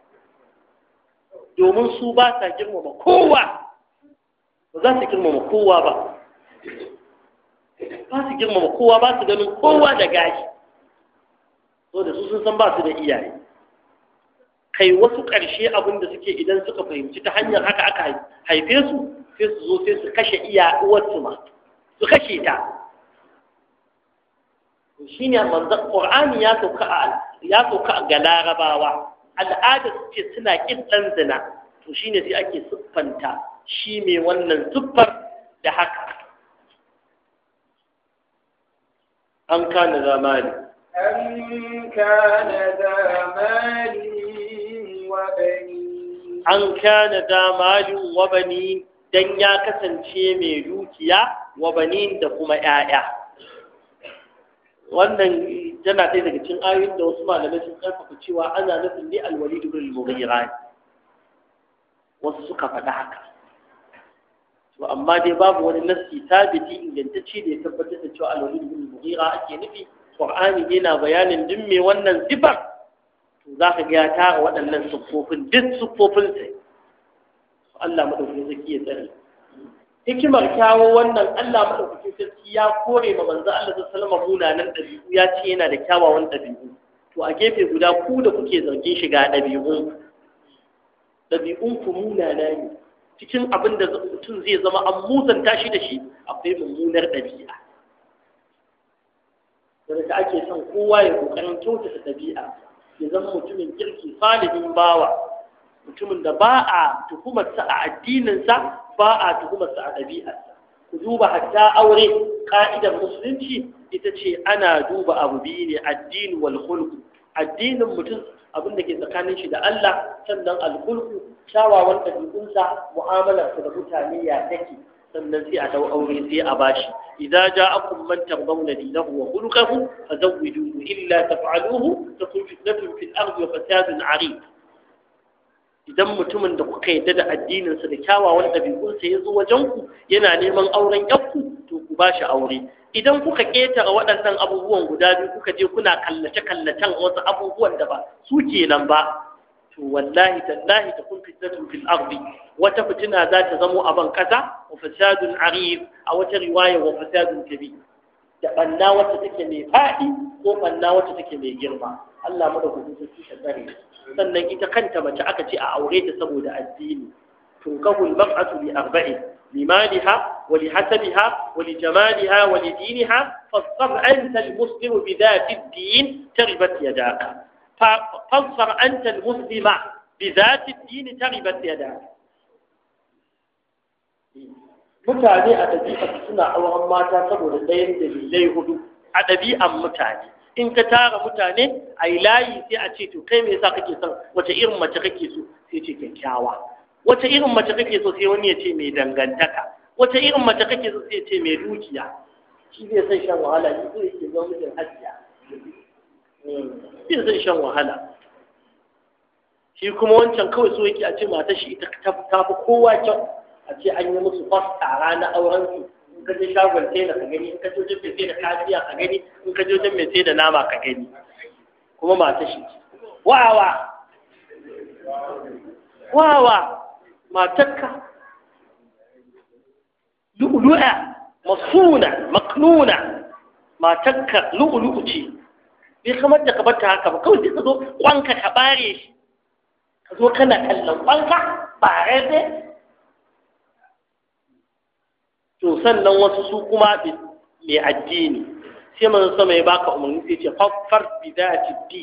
domin su ba sa girmama kowa ba za su girmama kowa ba ba su girmama kowa ba su ganin kowa da gashi so da su sun san ba su da iyaye kai wasu ƙarshe abin da suke idan suka fahimci ta hanyar haka aka haife su sai su zo sai su kashe iya uwarsu ma su kashe ta shine manzon qur'ani ya sauka a ya sauka ga larabawa al'ada ce suna kin dan zina to shine sai ake siffanta shi mai wannan siffar da haka an kana zamani an kana zamani wa bani dan ya kasance mai dukiya wa bani da kuma 'ya'ya wannan yana ɗaya daga cikin ayoyin da wasu malamai sun ƙarfafa cewa ana nufin ne alwalid ibn al-mughira wasu suka faɗa haka to amma dai babu wani nassi tabiti ingantacce da ya tabbatar da cewa alwalid ibn al-mughira ake nufi qur'ani yana bayanin duk me wannan sifar to zaka ga ya tara waɗannan siffofin duk siffofin sai Allah madaukakin zaki ya tsare hikimar kyawo wannan Allah madaukakin sarki ya kore ma manzo Allah sallallahu alaihi munanan ɗabi'u ya ce yana da kyawawan dabi'u to a gefe guda ku da kuke zargin shi ga dabi'un dabi'un ku munana ne cikin abin da mutum zai zama an musanta shi da shi akwai mummunar ɗabi'a. da ake son kowa ya kokarin kyautata ɗabi'a, ya zama mutumin kirki salihin bawa mutumin da ba a tuhumarsa a addininsa ba a tuhumarsa a ɗabi'arsa ku duba hatta aure ka'idar musulunci ita ce ana duba abu biyu ne addini wal khulqu addinin mutum abin da ke tsakanin shi da Allah sannan al khulqu kyawawan ɗabi'unsa mu'amalarsa da mutane ya take sannan sai a dau aure sai a bashi idza ja'akum man tardawna dinahu wa khuluquhu fazawwijuhu illa taf'aluhu takun fitnatun fil ardi wa fasadun 'arid idan mutumin da kuka yadda da addininsa da kyawawan ɗabi'unsa ya zo wajen ku yana neman auren yanku to ku ba shi aure idan kuka ƙetare waɗannan abubuwan guda biyu kuka je kuna kallace kallacen wasu abubuwan da ba su kenan ba to wallahi tallahi ta kun fitnatun fil ardi wata fitina za ta zamo a ban kasa wa fasadun arif a wata riwaya wa fasadun kabi da banna wacce take mai faɗi ko banna wacce take mai girma Allah mu da kuɗin sun tsare sannan ita kanta mace aka ce a aure ta saboda addini tunkahu al-mar'atu bi arba'in limaliha wa li hasabiha wa li jamaliha wa li diniha fasfar anta al muslim bi dhati ad-din taribat yadaka fa fasfar anta al-muslima bi dhati ad-din taribat yadaka mutane a dabi'a suna auren mata saboda ɗayan dalilai hudu a dabi'an mutane in ka tara mutane a yi layi sai a ce to kai me yasa kake son wace irin mace kake so sai ce kyakkyawa wace irin mace kake so sai wani ya ce mai dangantaka wace irin mace kake so sai ya ce mai dukiya shi zai san shan wahala shi zai ke zo mutum hajiya zai san shan wahala shi kuma wancan kawai so yake a ce mata shi ita ta fi kowa kyau a ce an yi musu fasta rana auren su ka je shagon sai da ka gani in ka je wajen mai sai da kafiya ka gani in ka je wajen mai sai da nama ka gani kuma masu shi wawa wawa matakka lu'lu'a masuna maknuna matakka lu'lu'u ce bai kamar da ka bata haka ba kawai sai ka zo kwanka ka bare shi ka zo kana kallon kwanka bare sai to sannan wasu su kuma mai addini sai manzon sama ya baka umarni sai ce faffar bi zati di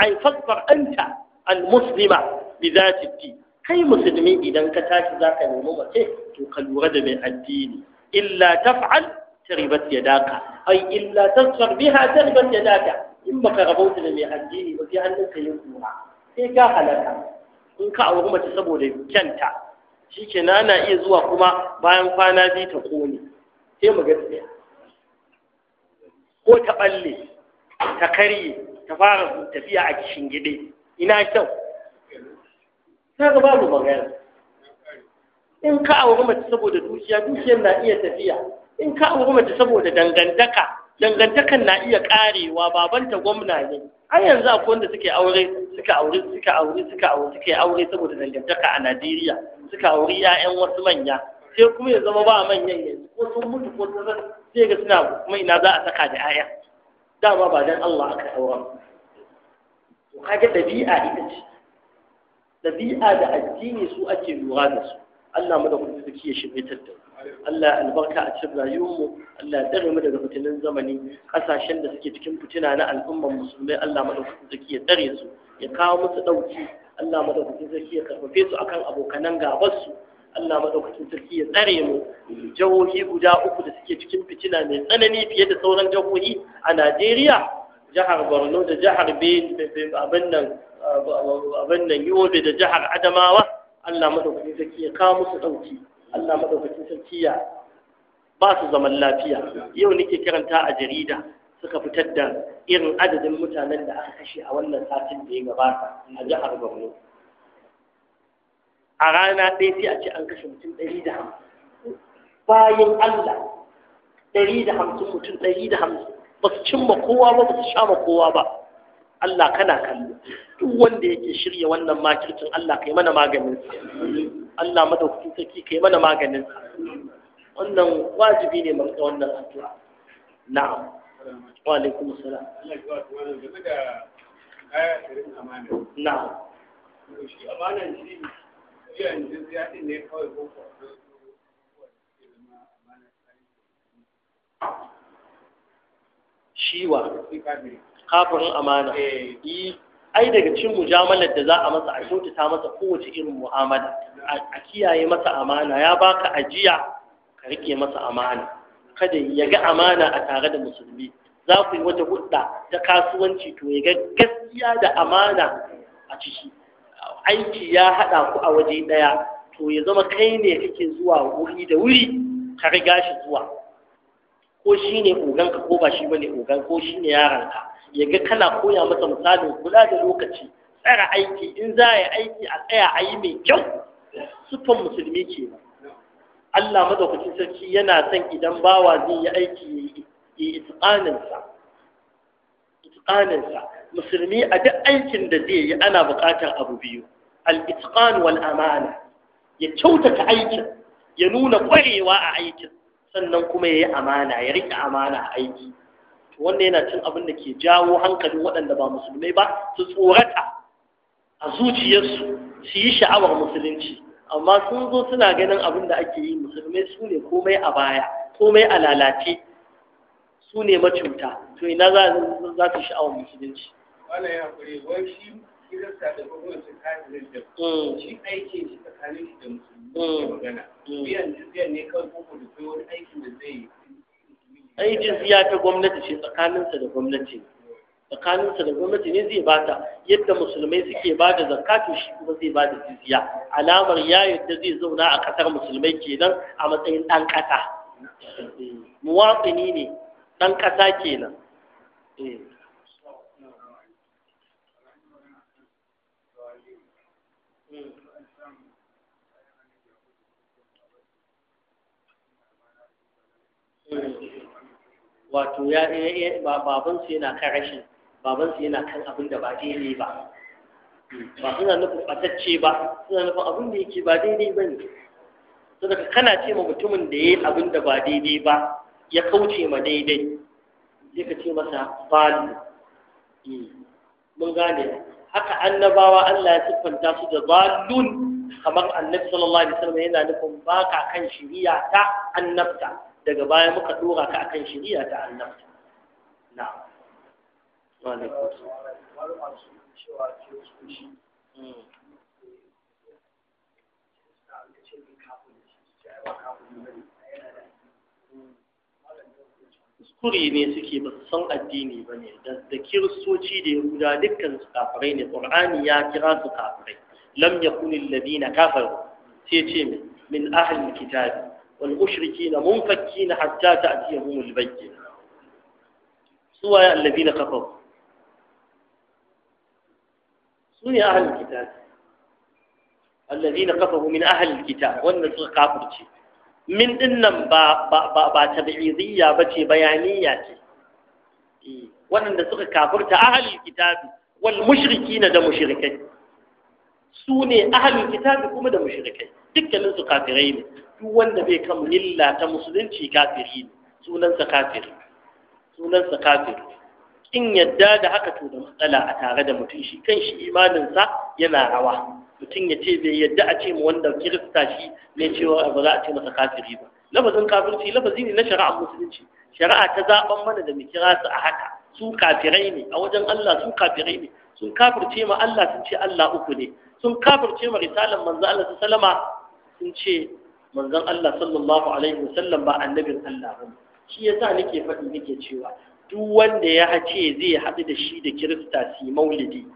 ai faffar anta al muslima bi zati di kai musulmi idan ka tashi zaka nemi mace to ka lura da mai addini illa taf'al taribat yadaka ai illa tasfar biha taribat yadaka in baka rabauta da mai addini ba sai an hannunka yin kura sai ka halaka in ka auri mace saboda kyanta shi ke na na iya zuwa kuma bayan kwana biyu ta ƙone sai mu gaskiya ko ta ɓalle ta karye ta fara tafiya a kishin gide ina kyau ta ga babu magana in ka auri mace saboda dukiya dukiyar na iya tafiya in ka auri mace saboda dangantaka dangantakan na iya karewa babanta gwamna ne har yanzu akwai wanda suke aure suka aure suka aure suka aure suka aure saboda dangantaka a Najeriya suka aure ƴaƴan wasu manya sai kuma ya zama ba manyan yanzu ko sun mutu ko sun san sai ga suna kuma ina za a saka da aya dama ba dan Allah aka sauran to kage dabi'a ita ce dabi'a da addini su ake lura da su Allah madaukakin sarki ya shirye ta da Allah albarka a cikin rayuwarmu Allah tsare mu daga fitinin zamani kasashen da suke cikin fitina na al'umman musulmai Allah madaukakin sarki ya tsare su ya kawo musu dauki Allah madaukakin sarki ya karfafe su akan abokanan gabar su Allah madaukakin sarki ya tsare mu jahohi guda uku da suke cikin fitina mai tsanani fiye da sauran jahohi a Najeriya jihar Borno da jihar Benue abin nan abin nan Yobe da jihar Adamawa Allah madaukakin sarki ya kawo musu dauki Allah maɗaukacin sarkiya ba su zaman lafiya yau nake karanta a jarida suka fitar da irin adadin mutanen da aka kashe a wannan satin da ya gabata a jihar Borno a rana ɗaya sai a ce an kashe mutum ɗari da hamsin bayan Allah ɗari da hamsin mutum ɗari da hamsin ba su cimma kowa ba ba su sha ma kowa ba Allah kana kallo duk wanda yake shirya wannan makircin Allah kai mana maganin sa Allah madaukakin sarki kai mana maganin sa wannan wajibi ne mun wannan addu'a na'am wa alaikum assalam na'am ya amanan shi yan shiwa kafirin amana eh. ai daga cin mujamalar da za a masa a kyautata masa kowace irin mu'amala a kiyaye masa amana ya baka ajiya ka rike masa amana kada ya ga amana a tare da musulmi za ku yi wata hudda ta kasuwanci to ya ga gaskiya da amana a ciki aiki ya haɗa ku a waje ɗaya to ya zama kai ne kake zuwa wuri da wuri ka riga shi zuwa ko shi ne oganka ko ba shi ba ne ogan ko shi ne yaranka ya ga kana koya masa misalin kula da lokaci tsara aiki in za a yi aiki a tsaya a yi mai kyau Sufan musulmi ke ba Allah madaukakin sarki yana son idan bawa zai yi aiki ya yi itqaninsa musulmi a duk aikin da zai yi ana buƙatar abu biyu al wal'amana wal amana ya kyautata aikin ya nuna ƙwarewa a aikin sannan kuma ya yi amana ya rike amana a aiki wanda yana cin abin da ke jawo hankalin waɗanda ba musulmai ba su tsorata a zuciyarsu su yi sha'awar musulunci amma sun zo suna ganin abin da ake yi musulmai su ne komai a baya komai a lalace su ne macuta to ina za za su sha'awar musulunci wannan ya kuri wani shi kirista da gwamnati da shi mm. aikin shi tsakanin shi da musulunci Eh. Eh. aikin ziya ta gwamnati ce tsakaninsa da gwamnati tsakaninsa da gwamnati ne zai bata yadda musulmai suke ba da zakatu shi kuma zai ba da jizya alamar ya yadda zai zauna a ƙasar musulmai kenan a matsayin ɗan ƙasa. Eh. muwatsini ne ɗan ƙasa kenan wato ya babansu yana kan rashin babansu yana kan abin da ba daidai ba ba suna nufin ɓatacce ba suna nufin abin da yake ba daidai ba ne daga kana ce ma mutumin da ya yi abin da ba daidai ba ya kauce ma daidai sai ka ce masa balu eh, mun gane haka annabawa Allah ya siffanta su da balun kamar annabi sallallahu alaihi wasallam yana nufin baka kan shiriya ta annabta daga baya muka dora ka akan shari'a ta annabta na'am ne suke ba san addini ba ne da kiristoci da yahuda dukkan su kafirai ne ƙur'ani ya kira su kafirai lam yakun alladhina kafaru sai ce min min kitabi والمشركين منفكين حتى تأتيهم البينة سوى الذين كفروا سوى أهل الكتاب الذين كفروا من أهل الكتاب والنسل كافر من إنم با با با, با تبعيضية بتي بيانية وأن النسل كافر أهل الكتاب والمشركين ده مشركين su ne ahalin kitabi kuma da mushrikai dukkanin su kafirai ne duk wanda bai kan milla ta musulunci kafiri ne sunansa kafiri sunansa kafiri in yadda da haka to da matsala a tare da mutum shi kan shi imaninsa yana rawa mutum ya ce bai yadda a ce wanda kirista shi mai cewa ba za a ce masa kafiri ba lafazin kafirci lafazi ne na shari'a musulunci shari'a ta zaban mana da mu kira su a haka su kafirai ne a wajen Allah su kafirai ne sun kafirce ma Allah sun ce Allah uku ne sun kafirce ma risalan manzo Allah sallama sun ce manzon Allah sallallahu alaihi wasallam ba annabin Allah ba shi yasa nake faɗi nake cewa duk wanda ya hace zai haɗu da shi da Kirista si maulidi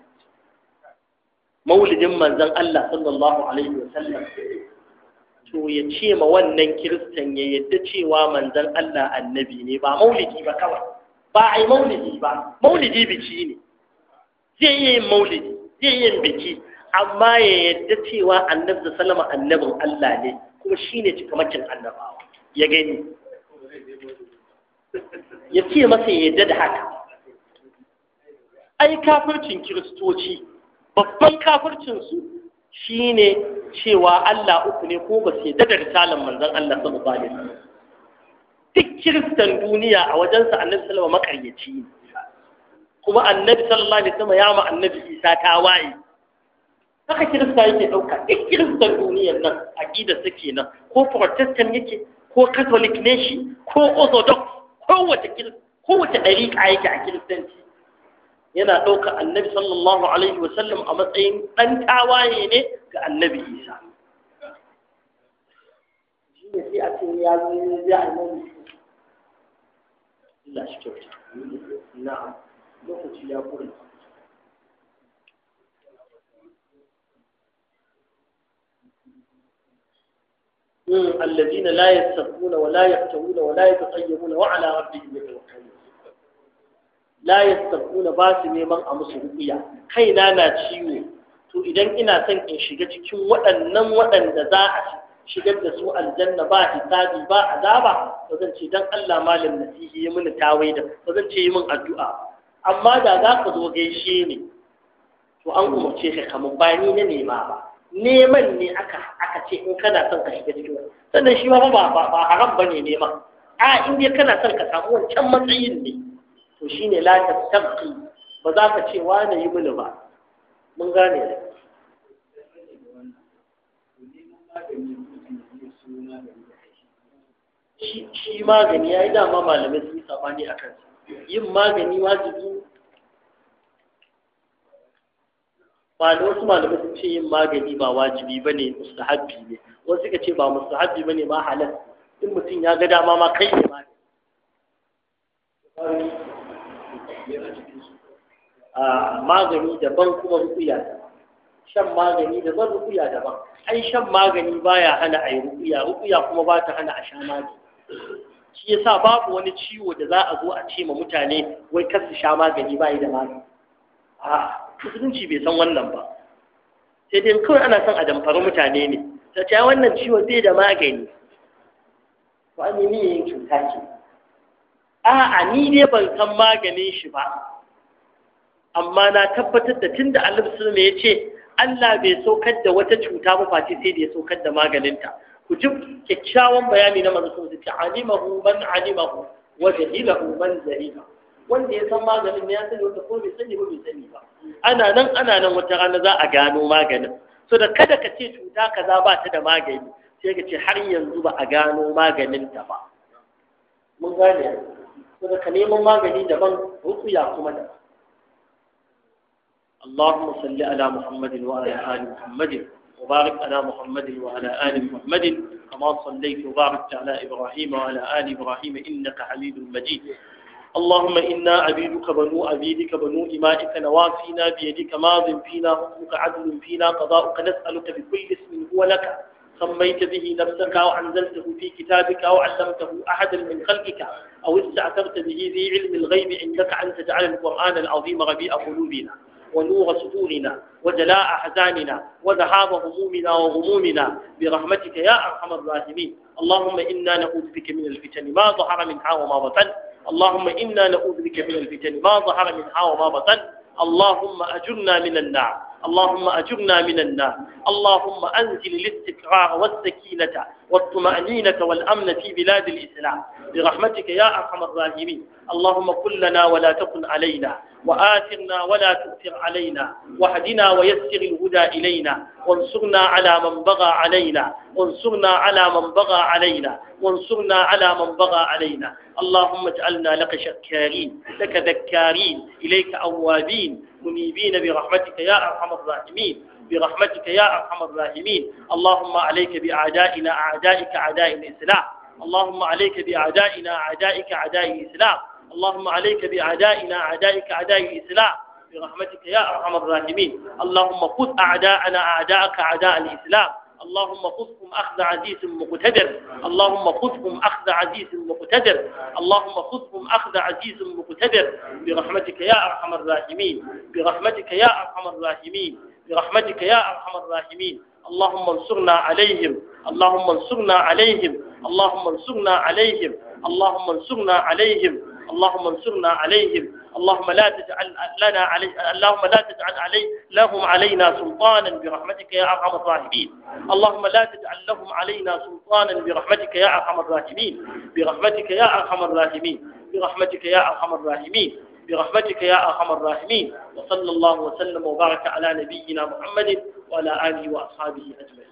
maulidin manzon Allah sallallahu alaihi wasallam to ya ce ma wannan kiristan ya yadda cewa manzon Allah annabi ne ba maulidi ba kawai ba ai maulidi ba maulidi biki ne zai yi yin maulidi zai yi yin biki amma ya yadda cewa annabi da salama annabin Allah ne kuma shi ne cikamakin annabawa ya gani ya ce masa ya yadda da haka ai kafircin kiristoci babban kafircinsu shi ne cewa Allah uku ne ko ba su yadda da risalan manzan Allah sallallahu alaihi wasallam duk kiristan duniya a wajensa annabi salama makaryaci ne kuma annabi sallallahu alaihi wasallam ya ma annabi Isa tawaye haka kirista yake ɗauka duk kiristan duniyar nan aƙidar su kenan ko protestant yake ko catholic ne shi ko orthodox kowace kowace ɗariƙa yake a kiristanci yana ɗauka annabi sallallahu alaihi wasallam a matsayin ɗan tawaye ne ga annabi isa na'am lokaci ya kura الذين لا يتقون ولا يفترون ولا يتقيمون وعلى ربهم يتوكلون لا يتقون باس neman a musu rubiya kaina na ciwo to idan ina son in shiga cikin waɗannan waɗanda za a shigar da su aljanna ba hisabi ba azaba ba zan ce dan Allah malam nasihi ya mini tawai da ba zan ce yi min addu'a amma da za ka zo gaishe ni to an umarce ka kamar ba ni na nema ba neman ne aka aka ce in kana son ka shiga cikin sannan shi ma ba ba haram bane neman a in dai kana son ka samu wancan matsayin ne to shine la tabqi ba za ka ce wa ne yi mini ba mun gane ne shi magani ya yi dama malamai sun yi sabani a kansa yin magani wajibi malu wasu malamai sun ce yin magani ba wajibi ba ne mustahabbi ne wasu suka ce ba mustahabbi ba ne ma halal in mutum ya ga dama ma kai ne ne. a magani daban kuma rukuya shan magani daban rukuya daban ai shan magani baya hana a yi rukuya rukuya kuma ba ta hana a sha magani shi yasa babu wani ciwo da za a zo a ce ma mutane wai kar su sha magani ba yi da magani a'a musulunci bai san wannan ba sai dai kawai ana son a damfari mutane ne ta ce wannan ciwon bai da magani Ba an ne yin cuta ce a'a ni ne ban san maganin shi ba amma na tabbatar da tun da Allah sun ya ce Allah bai saukar da wata cuta ba face sai da ya saukar da maganinta ku ji kyakkyawan bayani na manzon sun ce alimahu man alimahu wa jahilahu man jahilahu wanda ya san maganin ya sani wanda ko bai sani ba bai sani ba ana nan ana nan wata rana za a gano maganin so da kada ka ce cuta kaza ba ta da magani sai ka ce har yanzu ba a gano maganin ta ba mun gane so da ka neman magani daban ya kuma da اللهم صل على محمد وعلى آل محمد وبارك على محمد وعلى آل محمد كما صليت وباركت على إبراهيم وعلى آل إبراهيم إنك حميد مجيد اللهم إنا عبيدك بنو عبيدك بنو إمائك نوافينا بيدك ماض فينا حكمك عدل فينا قضاؤك نسألك بكل اسم هو لك سميت به نفسك أو أنزلته في كتابك أو علمته أحدا من خلقك أو استعثرت به في علم الغيب عندك أن تجعل القرآن العظيم ربيع قلوبنا ونور صدورنا وجلاء أحزاننا وذهاب همومنا وغمومنا برحمتك يا أرحم الراحمين اللهم إنا نعوذ بك من الفتن ما ظهر منها وما بطن اللهم إنا نعوذ بك من الفتن ما ظهر منها وما بطن اللهم أجرنا من النار اللهم أجرنا من النار اللهم أنزل الاستقرار والسكينة والطمأنينة والأمن في بلاد الإسلام برحمتك يا أرحم الراحمين اللهم كن لنا ولا تكن علينا وآثرنا ولا تؤثر علينا واهدنا ويسر الهدى إلينا وانصرنا على من بغى علينا وانصرنا على من بغى علينا وانصرنا على من بغى علينا اللهم اجعلنا لك شكارين لك ذكارين إليك أوابين منيبين برحمتك يا أرحم الراحمين برحمتك يا أرحم الراحمين اللهم عليك بأعدائنا أعدائك أعداء الإسلام اللهم عليك بأعدائنا أعدائك أعداء الإسلام اللهم عليك بأعدائنا أعدائك أعداء الإسلام برحمتك يا أرحم الراحمين اللهم خذ أعداءنا أعداءك أعداء الإسلام اللهم خذهم أخذ عزيز مقتدر اللهم خذهم أخذ عزيز مقتدر اللهم خذهم أخذ عزيز مقتدر برحمتك يا أرحم الراحمين برحمتك يا أرحم الراحمين برحمتك يا أرحم الراحمين اللهم انصرنا عليهم اللهم انصرنا عليهم اللهم انصرنا عليهم اللهم انصرنا عليهم اللهم انصرنا عليهم اللهم لا تجعل لنا علي اللهم لا تجعل علي لهم علينا سلطانا برحمتك يا ارحم الراحمين اللهم لا تجعل لهم علينا سلطانا برحمتك يا ارحم الراحمين برحمتك يا ارحم الراحمين برحمتك يا ارحم الراحمين برحمتك يا أرحم الراحمين وصلى الله وسلم وبارك على نبينا محمد وعلى آله وأصحابه أجمعين